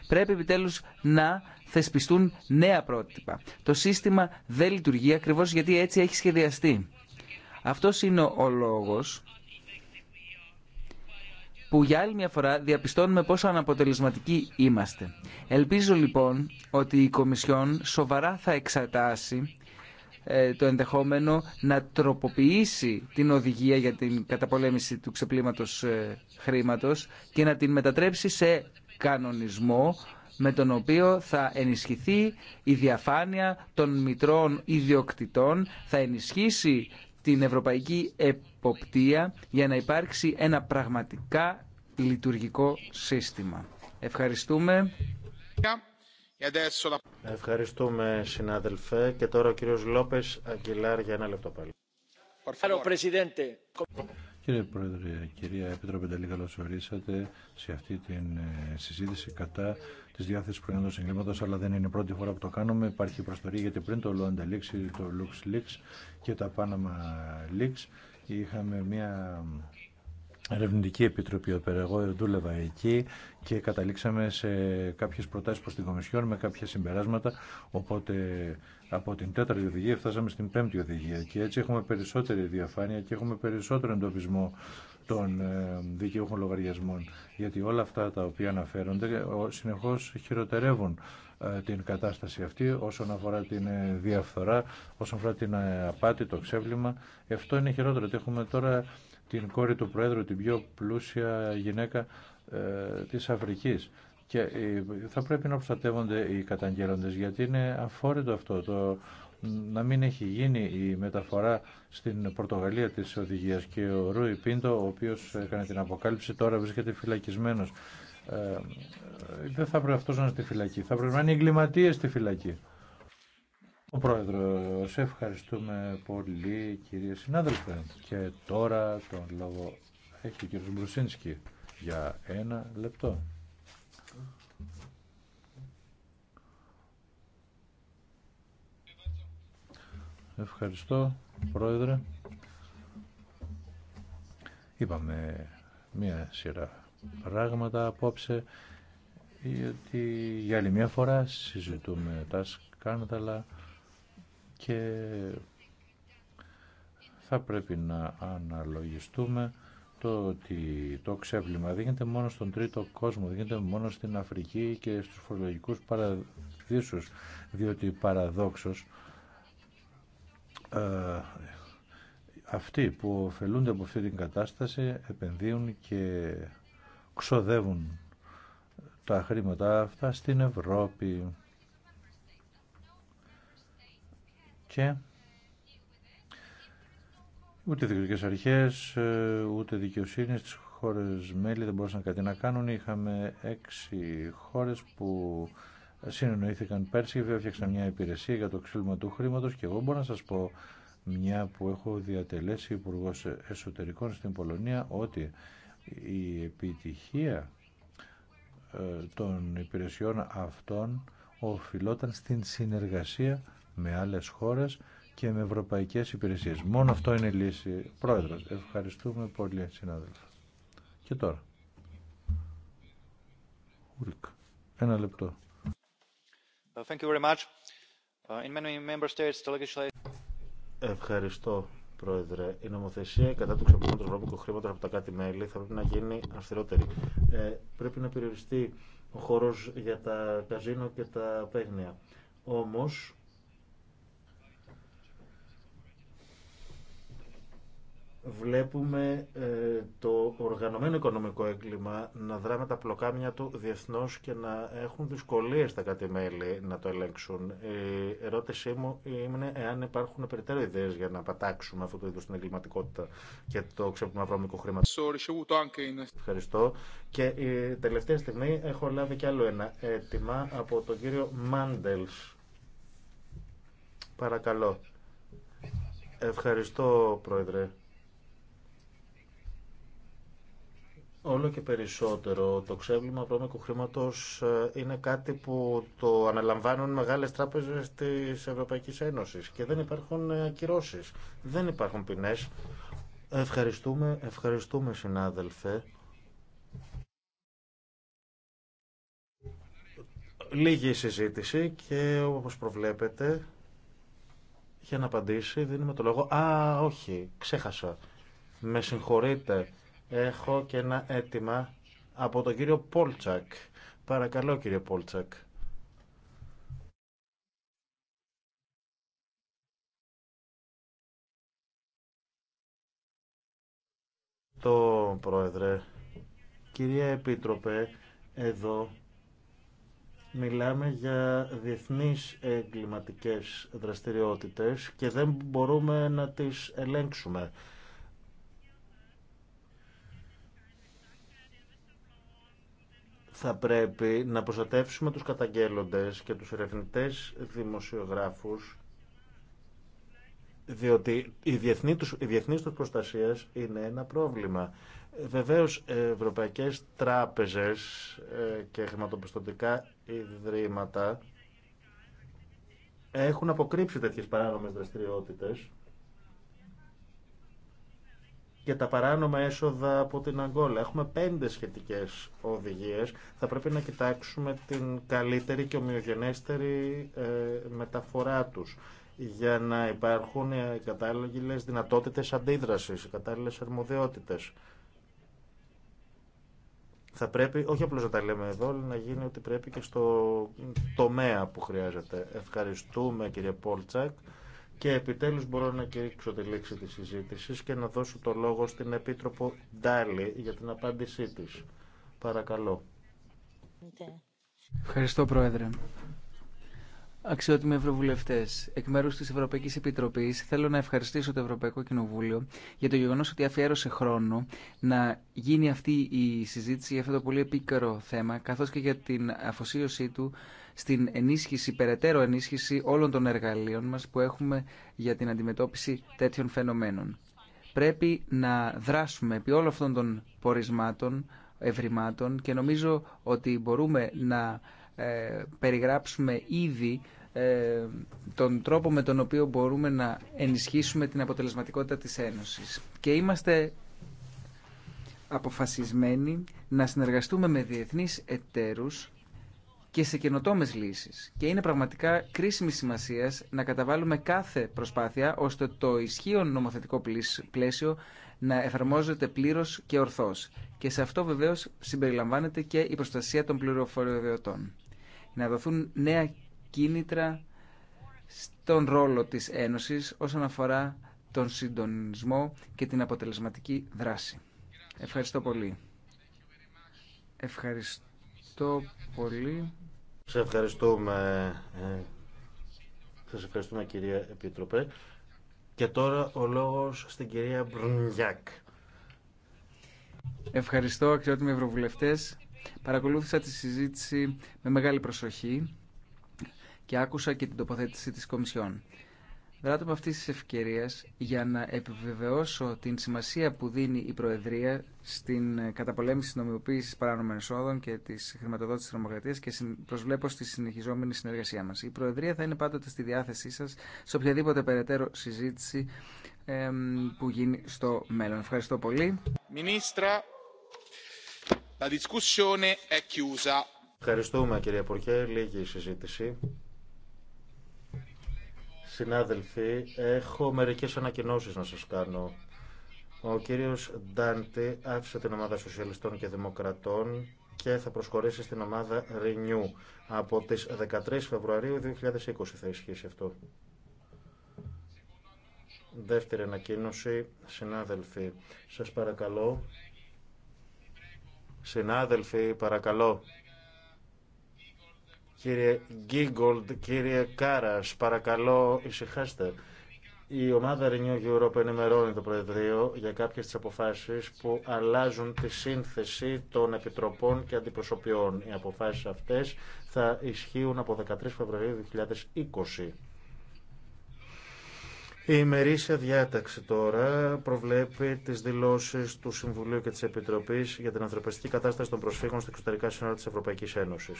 Πρέπει επιτέλους να θεσπιστούν νέα πρότυπα. Το σύστημα δεν λειτουργεί ακριβώς γιατί έτσι έχει σχεδιαστεί. Αυτός είναι ο λόγος που για άλλη μια φορά διαπιστώνουμε πόσο αναποτελεσματικοί είμαστε. Ελπίζω λοιπόν ότι η Κομισιόν σοβαρά θα εξετάσει ε, το ενδεχόμενο να τροποποιήσει την οδηγία για την καταπολέμηση του ξεπλήματος ε, χρήματος και να την μετατρέψει σε κανονισμό με τον οποίο θα ενισχυθεί η διαφάνεια των μητρών ιδιοκτητών, θα ενισχύσει την Ευρωπαϊκή επίπεδο για να υπάρξει ένα πραγματικά λειτουργικό σύστημα. Ευχαριστούμε. Ευχαριστούμε συνάδελφε και τώρα ο κύριος Λόπες Αγγιλάρ για ένα λεπτό πάλι. Κύριε Πρόεδρε, κυρία Επίτροπε τελείω καλώ ορίσατε σε αυτή τη ε, συζήτηση κατά τη διάθεση προϊόντο εγκλήματο. Αλλά δεν είναι η πρώτη φορά που το κάνουμε. Υπάρχει προστορία γιατί πριν το Λόντε το Λουξ Λίξ και τα Πάναμα Λίξ Είχαμε μια ερευνητική επιτροπή εδώ πέρα. Εγώ δούλευα εκεί και καταλήξαμε σε κάποιες προτάσεις προς την Κομισιόν με κάποια συμπεράσματα. Οπότε από την τέταρτη οδηγία φτάσαμε στην πέμπτη οδηγία και έτσι έχουμε περισσότερη διαφάνεια και έχουμε περισσότερο εντοπισμό των ε, δικαιούχων λογαριασμών. Γιατί όλα αυτά τα οποία αναφέρονται ε, συνεχώς χειροτερεύουν ε, την κατάσταση αυτή όσον αφορά την ε, διαφθορά, όσον αφορά την ε, απάτη, το ξέβλημα. Αυτό είναι χειρότερο ότι έχουμε τώρα την κόρη του Πρόεδρου, την πιο πλούσια γυναίκα της Αφρικής. Και θα πρέπει να προστατεύονται οι καταγγέλλοντες γιατί είναι αφόρητο αυτό το να μην έχει γίνει η μεταφορά στην Πορτογαλία της οδηγίας και ο Ρούι Πίντο, ο οποίος έκανε την αποκάλυψη, τώρα βρίσκεται φυλακισμένος ε, δεν θα πρέπει αυτός να είναι στη φυλακή. Θα πρέπει να είναι εγκληματίε στη φυλακή. Ο Πρόεδρο, ευχαριστούμε πολύ κύριε συνάδελφε. Και τώρα τον λόγο έχει ο κύριος Μπρουσίνσκι για ένα λεπτό. Ευχαριστώ, Πρόεδρε. Είπαμε μία σειρά πράγματα απόψε γιατί για άλλη μια φορά συζητούμε τα σκάνδαλα και θα πρέπει να αναλογιστούμε το ότι το ξέπλυμα δεν μόνο στον τρίτο κόσμο, δεν μόνο στην Αφρική και στους φορολογικούς παραδείσους, διότι παραδόξως ε, αυτοί που ωφελούνται από αυτή την κατάσταση επενδύουν και ξοδεύουν τα χρήματα αυτά στην Ευρώπη. Και ούτε δικαιωτικές αρχές, ε, ούτε δικαιοσύνη στις χώρες μέλη δεν μπορούσαν κάτι να κάνουν. Είχαμε έξι χώρες που συνεννοήθηκαν πέρσι και έφτιαξαν μια υπηρεσία για το ξύλωμα του χρήματος και εγώ μπορώ να σας πω μια που έχω διατελέσει υπουργό Εσωτερικών στην Πολωνία ότι η επιτυχία ε, των υπηρεσιών αυτών οφειλόταν στην συνεργασία με άλλες χώρες και με ευρωπαϊκές υπηρεσίες. Μόνο αυτό είναι η λύση. Πρόεδρος, ευχαριστούμε πολύ συνάδελφα. Και τώρα. Ένα λεπτό. Ευχαριστώ Πρόεδρε. Η νομοθεσία κατά του ξεπλήματο βρώμικου χρήματο από τα κάτι μέλη θα πρέπει να γίνει αυστηρότερη. Ε, πρέπει να περιοριστεί ο χώρο για τα καζίνο και τα παίγνια. Όμω, βλέπουμε ε, το οργανωμένο οικονομικό έγκλημα να δρά τα πλοκάμια του διεθνώς και να έχουν δυσκολίες τα κατημέλη να το ελέγξουν. Η ερώτησή μου είναι εάν υπάρχουν περιττέρω ιδέες για να πατάξουμε αυτό το είδους την εγκληματικότητα και το ξέπλυμα χρήμα. χρήματο. Ευχαριστώ. Και ε, τελευταία στιγμή έχω λάβει κι άλλο ένα αίτημα από τον κύριο Μάντελς. Παρακαλώ. Ευχαριστώ, Πρόεδρε. Όλο και περισσότερο το ξέβλημα βρώμικου χρήματο ε, είναι κάτι που το αναλαμβάνουν μεγάλε τράπεζε τη Ευρωπαϊκή Ένωση και δεν υπάρχουν ακυρώσει, ε, δεν υπάρχουν ποινέ. Ευχαριστούμε, ευχαριστούμε συνάδελφε. Λίγη η συζήτηση και όπως προβλέπετε για να απαντήσει δίνουμε το λόγο. Α, όχι, ξέχασα. Με συγχωρείτε. Έχω και ένα αίτημα από τον κύριο Πόλτσακ. Παρακαλώ κύριε Πόλτσακ. Το πρόεδρε, κυρία Επίτροπε, εδώ μιλάμε για διεθνείς εγκληματικές δραστηριότητες και δεν μπορούμε να τις ελέγξουμε. θα πρέπει να προστατεύσουμε τους καταγγέλλοντες και τους ερευνητές δημοσιογράφους διότι η διεθνή τους, η διεθνής τους προστασία είναι ένα πρόβλημα. Βεβαίως, ευρωπαϊκές τράπεζες ε, και χρηματοπιστωτικά ιδρύματα έχουν αποκρύψει τέτοιες παράνομες δραστηριότητες για τα παράνομα έσοδα από την Αγγόλα. Έχουμε πέντε σχετικές οδηγίες. Θα πρέπει να κοιτάξουμε την καλύτερη και ομοιογενέστερη ε, μεταφορά τους για να υπάρχουν ε, οι κατάλληλες δυνατότητες αντίδρασης, οι κατάλληλες αρμοδιότητες. Θα πρέπει, όχι απλώς να τα λέμε εδώ, να γίνει ότι πρέπει και στο τομέα που χρειάζεται. Ευχαριστούμε κύριε Πόλτσακ. Και επιτέλους μπορώ να κηρύξω τη λήξη της συζήτησης και να δώσω το λόγο στην Επίτροπο Ντάλη για την απάντησή της. Παρακαλώ. Ευχαριστώ Πρόεδρε. Αξιότιμοι Ευρωβουλευτέ, εκ μέρου τη Ευρωπαϊκή Επιτροπή θέλω να ευχαριστήσω το Ευρωπαϊκό Κοινοβούλιο για το γεγονό ότι αφιέρωσε χρόνο να γίνει αυτή η συζήτηση για αυτό το πολύ επίκαιρο θέμα, καθώ και για την αφοσίωσή του στην ενίσχυση, περαιτέρω ενίσχυση όλων των εργαλείων μας που έχουμε για την αντιμετώπιση τέτοιων φαινομένων. Πρέπει να δράσουμε επί όλων αυτών των πορισμάτων, ευρημάτων και νομίζω ότι μπορούμε να ε, περιγράψουμε ήδη ε, τον τρόπο με τον οποίο μπορούμε να ενισχύσουμε την αποτελεσματικότητα της Ένωσης. Και είμαστε αποφασισμένοι να συνεργαστούμε με διεθνείς εταίρους και σε καινοτόμε λύσεις. Και είναι πραγματικά κρίσιμη σημασία να καταβάλουμε κάθε προσπάθεια ώστε το ισχύον νομοθετικό πλαίσιο να εφαρμόζεται πλήρω και ορθώς. Και σε αυτό βεβαίως συμπεριλαμβάνεται και η προστασία των πληροφοριοδοτών. Να δοθούν νέα κίνητρα στον ρόλο της Ένωσης όσον αφορά τον συντονισμό και την αποτελεσματική δράση. Ευχαριστώ πολύ. Ευχαριστώ ευχαριστώ πολύ. Σε ευχαριστούμε, ε, σας ευχαριστούμε κυρία Επίτροπε. Και τώρα ο λόγος στην κυρία Μπρνιάκ. Ευχαριστώ αξιότιμοι ευρωβουλευτέ. Παρακολούθησα τη συζήτηση με μεγάλη προσοχή και άκουσα και την τοποθέτηση της Κομισιόν. Δράτω με αυτή τη ευκαιρία για να επιβεβαιώσω την σημασία που δίνει η Προεδρία στην καταπολέμηση τη νομιμοποίηση παράνομων εσόδων και τη χρηματοδότηση τη τρομοκρατία και προσβλέπω στη συνεχιζόμενη συνεργασία μα. Η Προεδρία θα είναι πάντοτε στη διάθεσή σα σε οποιαδήποτε περαιτέρω συζήτηση που γίνει στο μέλλον. Ευχαριστώ πολύ. discussione è chiusa. Ευχαριστούμε κύριε Πορχέ, Λίγη συζήτηση. Συνάδελφοι, έχω μερικές ανακοινώσεις να σας κάνω. Ο κύριος Ντάντι άφησε την ομάδα Σοσιαλιστών και Δημοκρατών και θα προσχωρήσει στην ομάδα Renew. Από τις 13 Φεβρουαρίου 2020 θα ισχύσει αυτό. Δεύτερη ανακοίνωση, συνάδελφοι, σας παρακαλώ. Συνάδελφοι, παρακαλώ. Κύριε Γκίγκολντ, κύριε Κάρα, παρακαλώ ησυχάστε. Η ομάδα Renew Europe ενημερώνει το Προεδρείο για κάποιε τι αποφάσει που αλλάζουν τη σύνθεση των επιτροπών και αντιπροσωπιών. Οι αποφάσει αυτέ θα ισχύουν από 13 Φεβρουαρίου 2020. Η ημερήσια διάταξη τώρα προβλέπει τι δηλώσει του Συμβουλίου και τη Επιτροπή για την ανθρωπιστική κατάσταση των προσφύγων στα εξωτερικά σύνορα τη Ευρωπαϊκή Ένωση.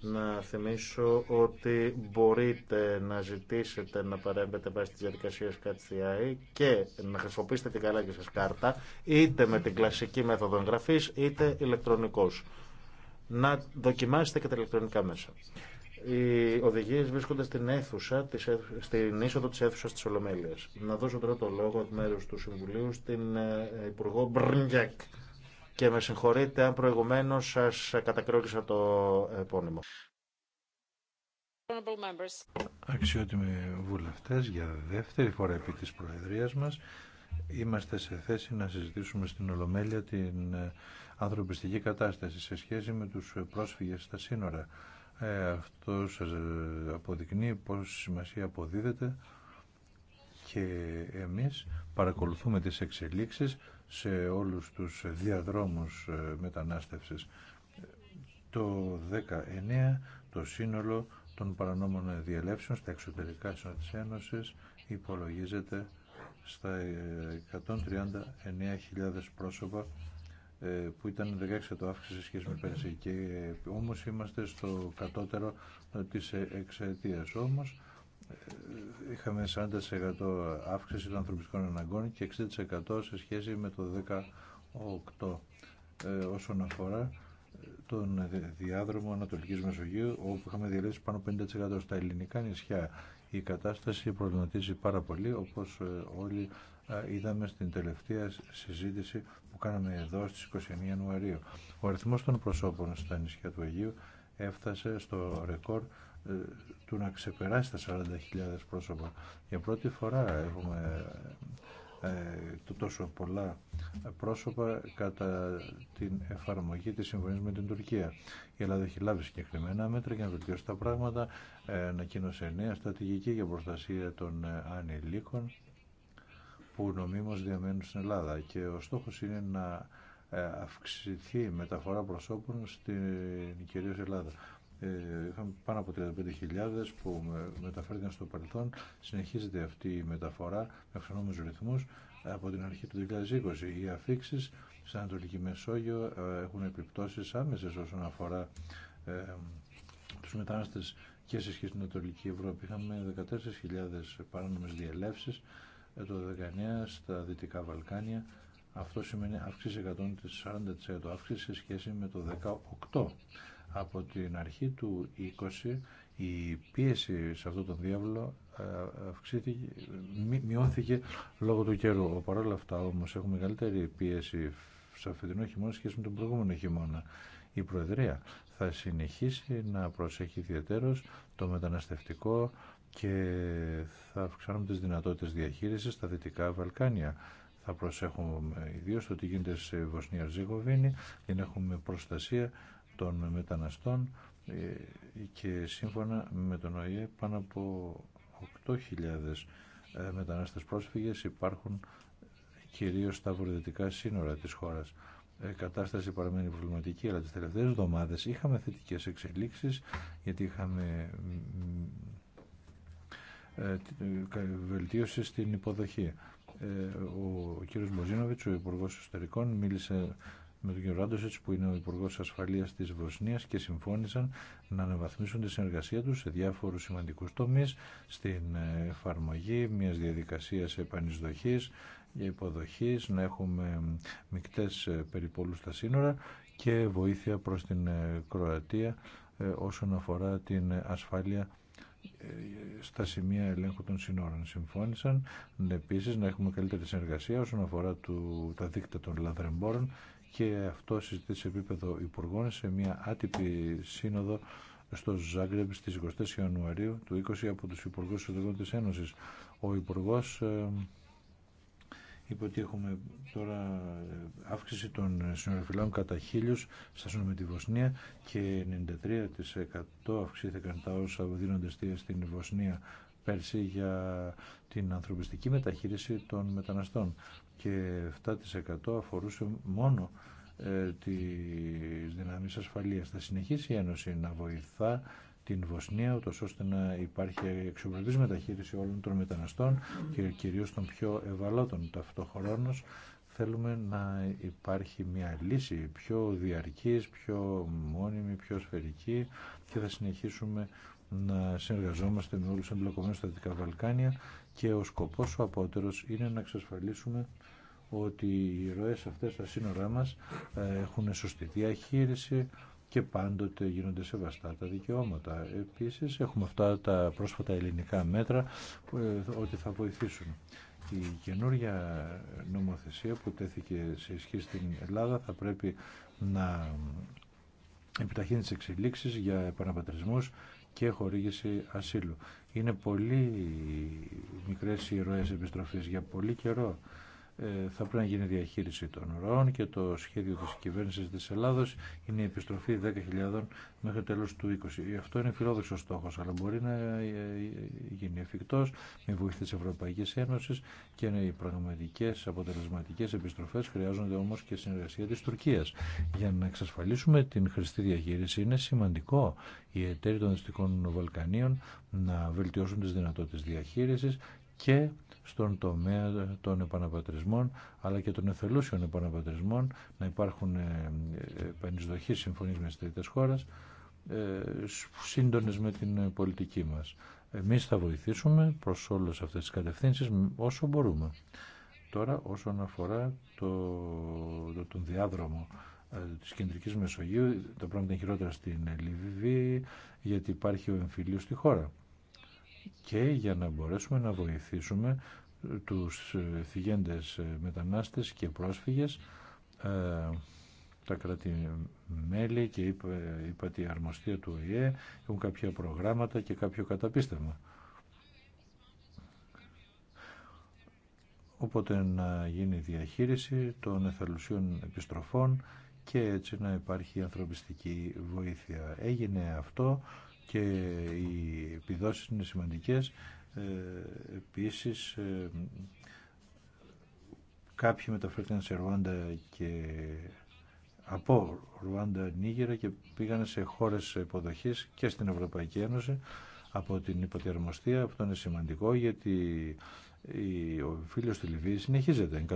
Να θυμίσω ότι μπορείτε να ζητήσετε να παρέμβετε βάσει τη διαδικασία ΚΑΤΣΤΙΑΗ και να χρησιμοποιήσετε την καλά σα κάρτα είτε με την κλασική μέθοδο εγγραφή είτε ηλεκτρονικώ. Να δοκιμάσετε και τα ηλεκτρονικά μέσα. Οι οδηγίε βρίσκονται στην, αίθουσα, στην είσοδο τη αίθουσα τη Ολομέλεια. Να δώσω τώρα το λόγο εκ μέρου του Συμβουλίου στην ε, Υπουργό Μπρνγκεκ. Και με συγχωρείτε αν προηγουμένω σα κατακρόκησα το επώνυμο. Αξιότιμοι βουλευτέ, για δεύτερη φορά επί της Προεδρίας μα είμαστε σε θέση να συζητήσουμε στην Ολομέλεια την ε, ανθρωπιστική κατάσταση σε σχέση με του πρόσφυγε στα σύνορα ε, αυτό σας ε, αποδεικνύει πόσο σημασία αποδίδεται και εμείς παρακολουθούμε τις εξελίξεις σε όλους τους διαδρόμους ε, μετανάστευσης. Το 19 το σύνολο των παρανόμων διελεύσεων στα εξωτερικά σύνορα της Ένωσης υπολογίζεται στα 139.000 πρόσωπα ε, που ήταν 16% αύξηση σε σχέση με πέρσι και ε, όμως είμαστε στο κατώτερο ε, της εξαιτία όμως είχαμε 40% αύξηση των ανθρωπιστικών αναγκών και 60% σε σχέση με το 18% όσον αφορά τον διάδρομο Ανατολικής Μεσογείου όπου είχαμε διαλύσει πάνω 50% στα ελληνικά νησιά η κατάσταση προβληματίζει πάρα πολύ όπως όλοι είδαμε στην τελευταία συζήτηση που κάναμε εδώ στις 29 Ιανουαρίου. Ο αριθμός των προσώπων στα νησιά του Αιγείου έφτασε στο ρεκόρ ε, του να ξεπεράσει τα 40.000 πρόσωπα. Για πρώτη φορά έχουμε ε, το τόσο πολλά πρόσωπα κατά την εφαρμογή της συμφωνίας με την Τουρκία. Η Ελλάδα έχει λάβει συγκεκριμένα μέτρα για να βελτιώσει τα πράγματα, ε, ανακοίνωσε νέα στρατηγική για προστασία των ανηλίκων που νομίμως διαμένουν στην Ελλάδα και ο στόχος είναι να ε, αυξηθεί η μεταφορά προσώπων στην κυρίω Ελλάδα. Ε, είχαμε πάνω από 35.000 που μεταφέρθηκαν στο παρελθόν. Συνεχίζεται αυτή η μεταφορά με αυξανόμενους ρυθμούς από την αρχή του 2020. Οι αφήξεις στην Ανατολική Μεσόγειο ε, έχουν επιπτώσεις άμεσες όσον αφορά τους μετανάστες και σε σχέση με την Ανατολική Ευρώπη. Είχαμε 14.000 παράνομες διελεύσεις ε, το 19 στα Δυτικά Βαλκάνια. Αυτό σημαίνει αύξηση 140% αύξηση σε σχέση με το 18. Από την αρχή του 20 η πίεση σε αυτό το διάβολο ε, αυξήθηκε, μειώθηκε λόγω του καιρού. Παρ' όλα αυτά όμως έχουμε μεγαλύτερη πίεση σε φετινό χειμώνα σχέση με τον προηγούμενο χειμώνα. Η Προεδρία θα συνεχίσει να προσέχει ιδιαίτερως το μεταναστευτικό, και θα αυξάνουμε τις δυνατότητες διαχείρισης στα Δυτικά Βαλκάνια. Θα προσέχουμε ιδίως το τι γίνεται σε Βοσνία Ζήγοβίνη για έχουμε προστασία των μεταναστών ε, και σύμφωνα με τον ΟΗΕ πάνω από 8.000 ε, μετανάστες πρόσφυγες υπάρχουν ε, κυρίως στα βορειοδυτικά σύνορα της χώρας. Η κατάσταση παραμένει προβληματική, αλλά τις τελευταίες εβδομάδες είχαμε θετικές εξελίξεις, γιατί είχαμε ε, ε, βελτίωση στην υποδοχή. Ε, ο κύριος Μποζίνοβιτς, ο Υπουργός Ιστορικών, μίλησε με τον κύριο Ράντοσετς που είναι ο Υπουργός Ασφαλείας της Βοσνίας και συμφώνησαν να αναβαθμίσουν τη συνεργασία τους σε διάφορους σημαντικούς τομείς στην εφαρμογή μιας διαδικασίας επανεισδοχής για υποδοχής, να έχουμε μικτές περιπόλους στα σύνορα και βοήθεια προς την Κροατία όσον αφορά την ασφάλεια στα σημεία ελέγχου των συνόρων. Συμφώνησαν ναι, επίση να έχουμε καλύτερη συνεργασία όσον αφορά του, τα δίκτυα των λαδρεμπόρων και αυτό συζητήσει σε επίπεδο υπουργών σε μια άτυπη σύνοδο στο Ζάγκρεμπ στις 24 Ιανουαρίου του 20 από τους Υπουργούς Συνδικών της Ένωση. Ο Υπουργός ε, είπε ότι έχουμε τώρα ε, αύξηση των συνοριοφυλών κατά χίλιους στα σύνορα με τη Βοσνία και 93% αυξήθηκαν τα όσα δίνονται στην Βοσνία πέρσι για την ανθρωπιστική μεταχείριση των μεταναστών και 7% αφορούσε μόνο τη ε, τις δυνάμεις ασφαλείας. Θα συνεχίσει η Ένωση να βοηθά την Βοσνία, ούτως ώστε να υπάρχει εξοπλιστής μεταχείριση όλων των μεταναστών και κυρίως των πιο ευαλώτων ταυτόχρονα. Θέλουμε να υπάρχει μια λύση πιο διαρκής, πιο μόνιμη, πιο σφαιρική και θα συνεχίσουμε να συνεργαζόμαστε με όλους τους εμπλοκομένους στα Δυτικά Βαλκάνια και ο σκοπός ο απότερος είναι να εξασφαλίσουμε ότι οι ροές αυτές στα σύνορά μας ε, έχουν σωστή διαχείριση, και πάντοτε γίνονται σεβαστά τα δικαιώματα. Επίσης έχουμε αυτά τα πρόσφατα ελληνικά μέτρα που, ε, ότι θα βοηθήσουν. Η καινούργια νομοθεσία που τέθηκε σε ισχύ στην Ελλάδα θα πρέπει να επιταχύνει τις εξελίξεις για επαναπατρισμούς και χορήγηση ασύλου. Είναι πολύ μικρές οι ροές επιστροφής για πολύ καιρό. Ε, θα πρέπει να γίνει διαχείριση των ροών και το σχέδιο της κυβέρνησης της Ελλάδος είναι η επιστροφή 10.000 μέχρι τέλος του 20. Ε, αυτό είναι φιλόδοξος στόχος, αλλά μπορεί να ε, γίνει εφικτός με βοήθεια της Ευρωπαϊκής Ένωσης και οι πραγματικές αποτελεσματικές επιστροφές χρειάζονται όμως και συνεργασία της Τουρκίας. Για να εξασφαλίσουμε την χρηστή διαχείριση είναι σημαντικό οι εταίροι των Δυστικών Βαλκανίων να βελτιώσουν τις δυνατότητες διαχείρισης και στον τομέα των επαναπατρισμών αλλά και των εθελούσιων επαναπατρισμών να υπάρχουν ε, ε, επανεισδοχείς συμφωνίες με τις τρίτες χώρες ε, σύντονες με την πολιτική μας. Εμείς θα βοηθήσουμε προς όλες αυτές τις κατευθύνσεις όσο μπορούμε. Τώρα όσον αφορά το, το, τον διάδρομο της Κεντρικής Μεσογείου, τα πράγματα είναι χειρότερα στην Λιβύη γιατί υπάρχει ο εμφυλίος στη χώρα και για να μπορέσουμε να βοηθήσουμε τους ε, θυγέντες ε, μετανάστες και πρόσφυγες ε, τα κράτη-μέλη και η είπα αρμοστία του ΟΗΕ έχουν κάποια προγράμματα και κάποιο καταπίστευμα. Οπότε να γίνει διαχείριση των εθελουσίων επιστροφών και έτσι να υπάρχει ανθρωπιστική βοήθεια. Έγινε αυτό και οι επιδόσεις είναι σημαντικές. Ε, επίσης, ε, κάποιοι μεταφέρθηκαν σε Ρουάντα και από Ρουάντα Νίγηρα και πήγαν σε χώρες υποδοχής και στην Ευρωπαϊκή Ένωση από την υποτερμοστία. Αυτό είναι σημαντικό γιατί ο φίλος του Λιβύης συνεχίζεται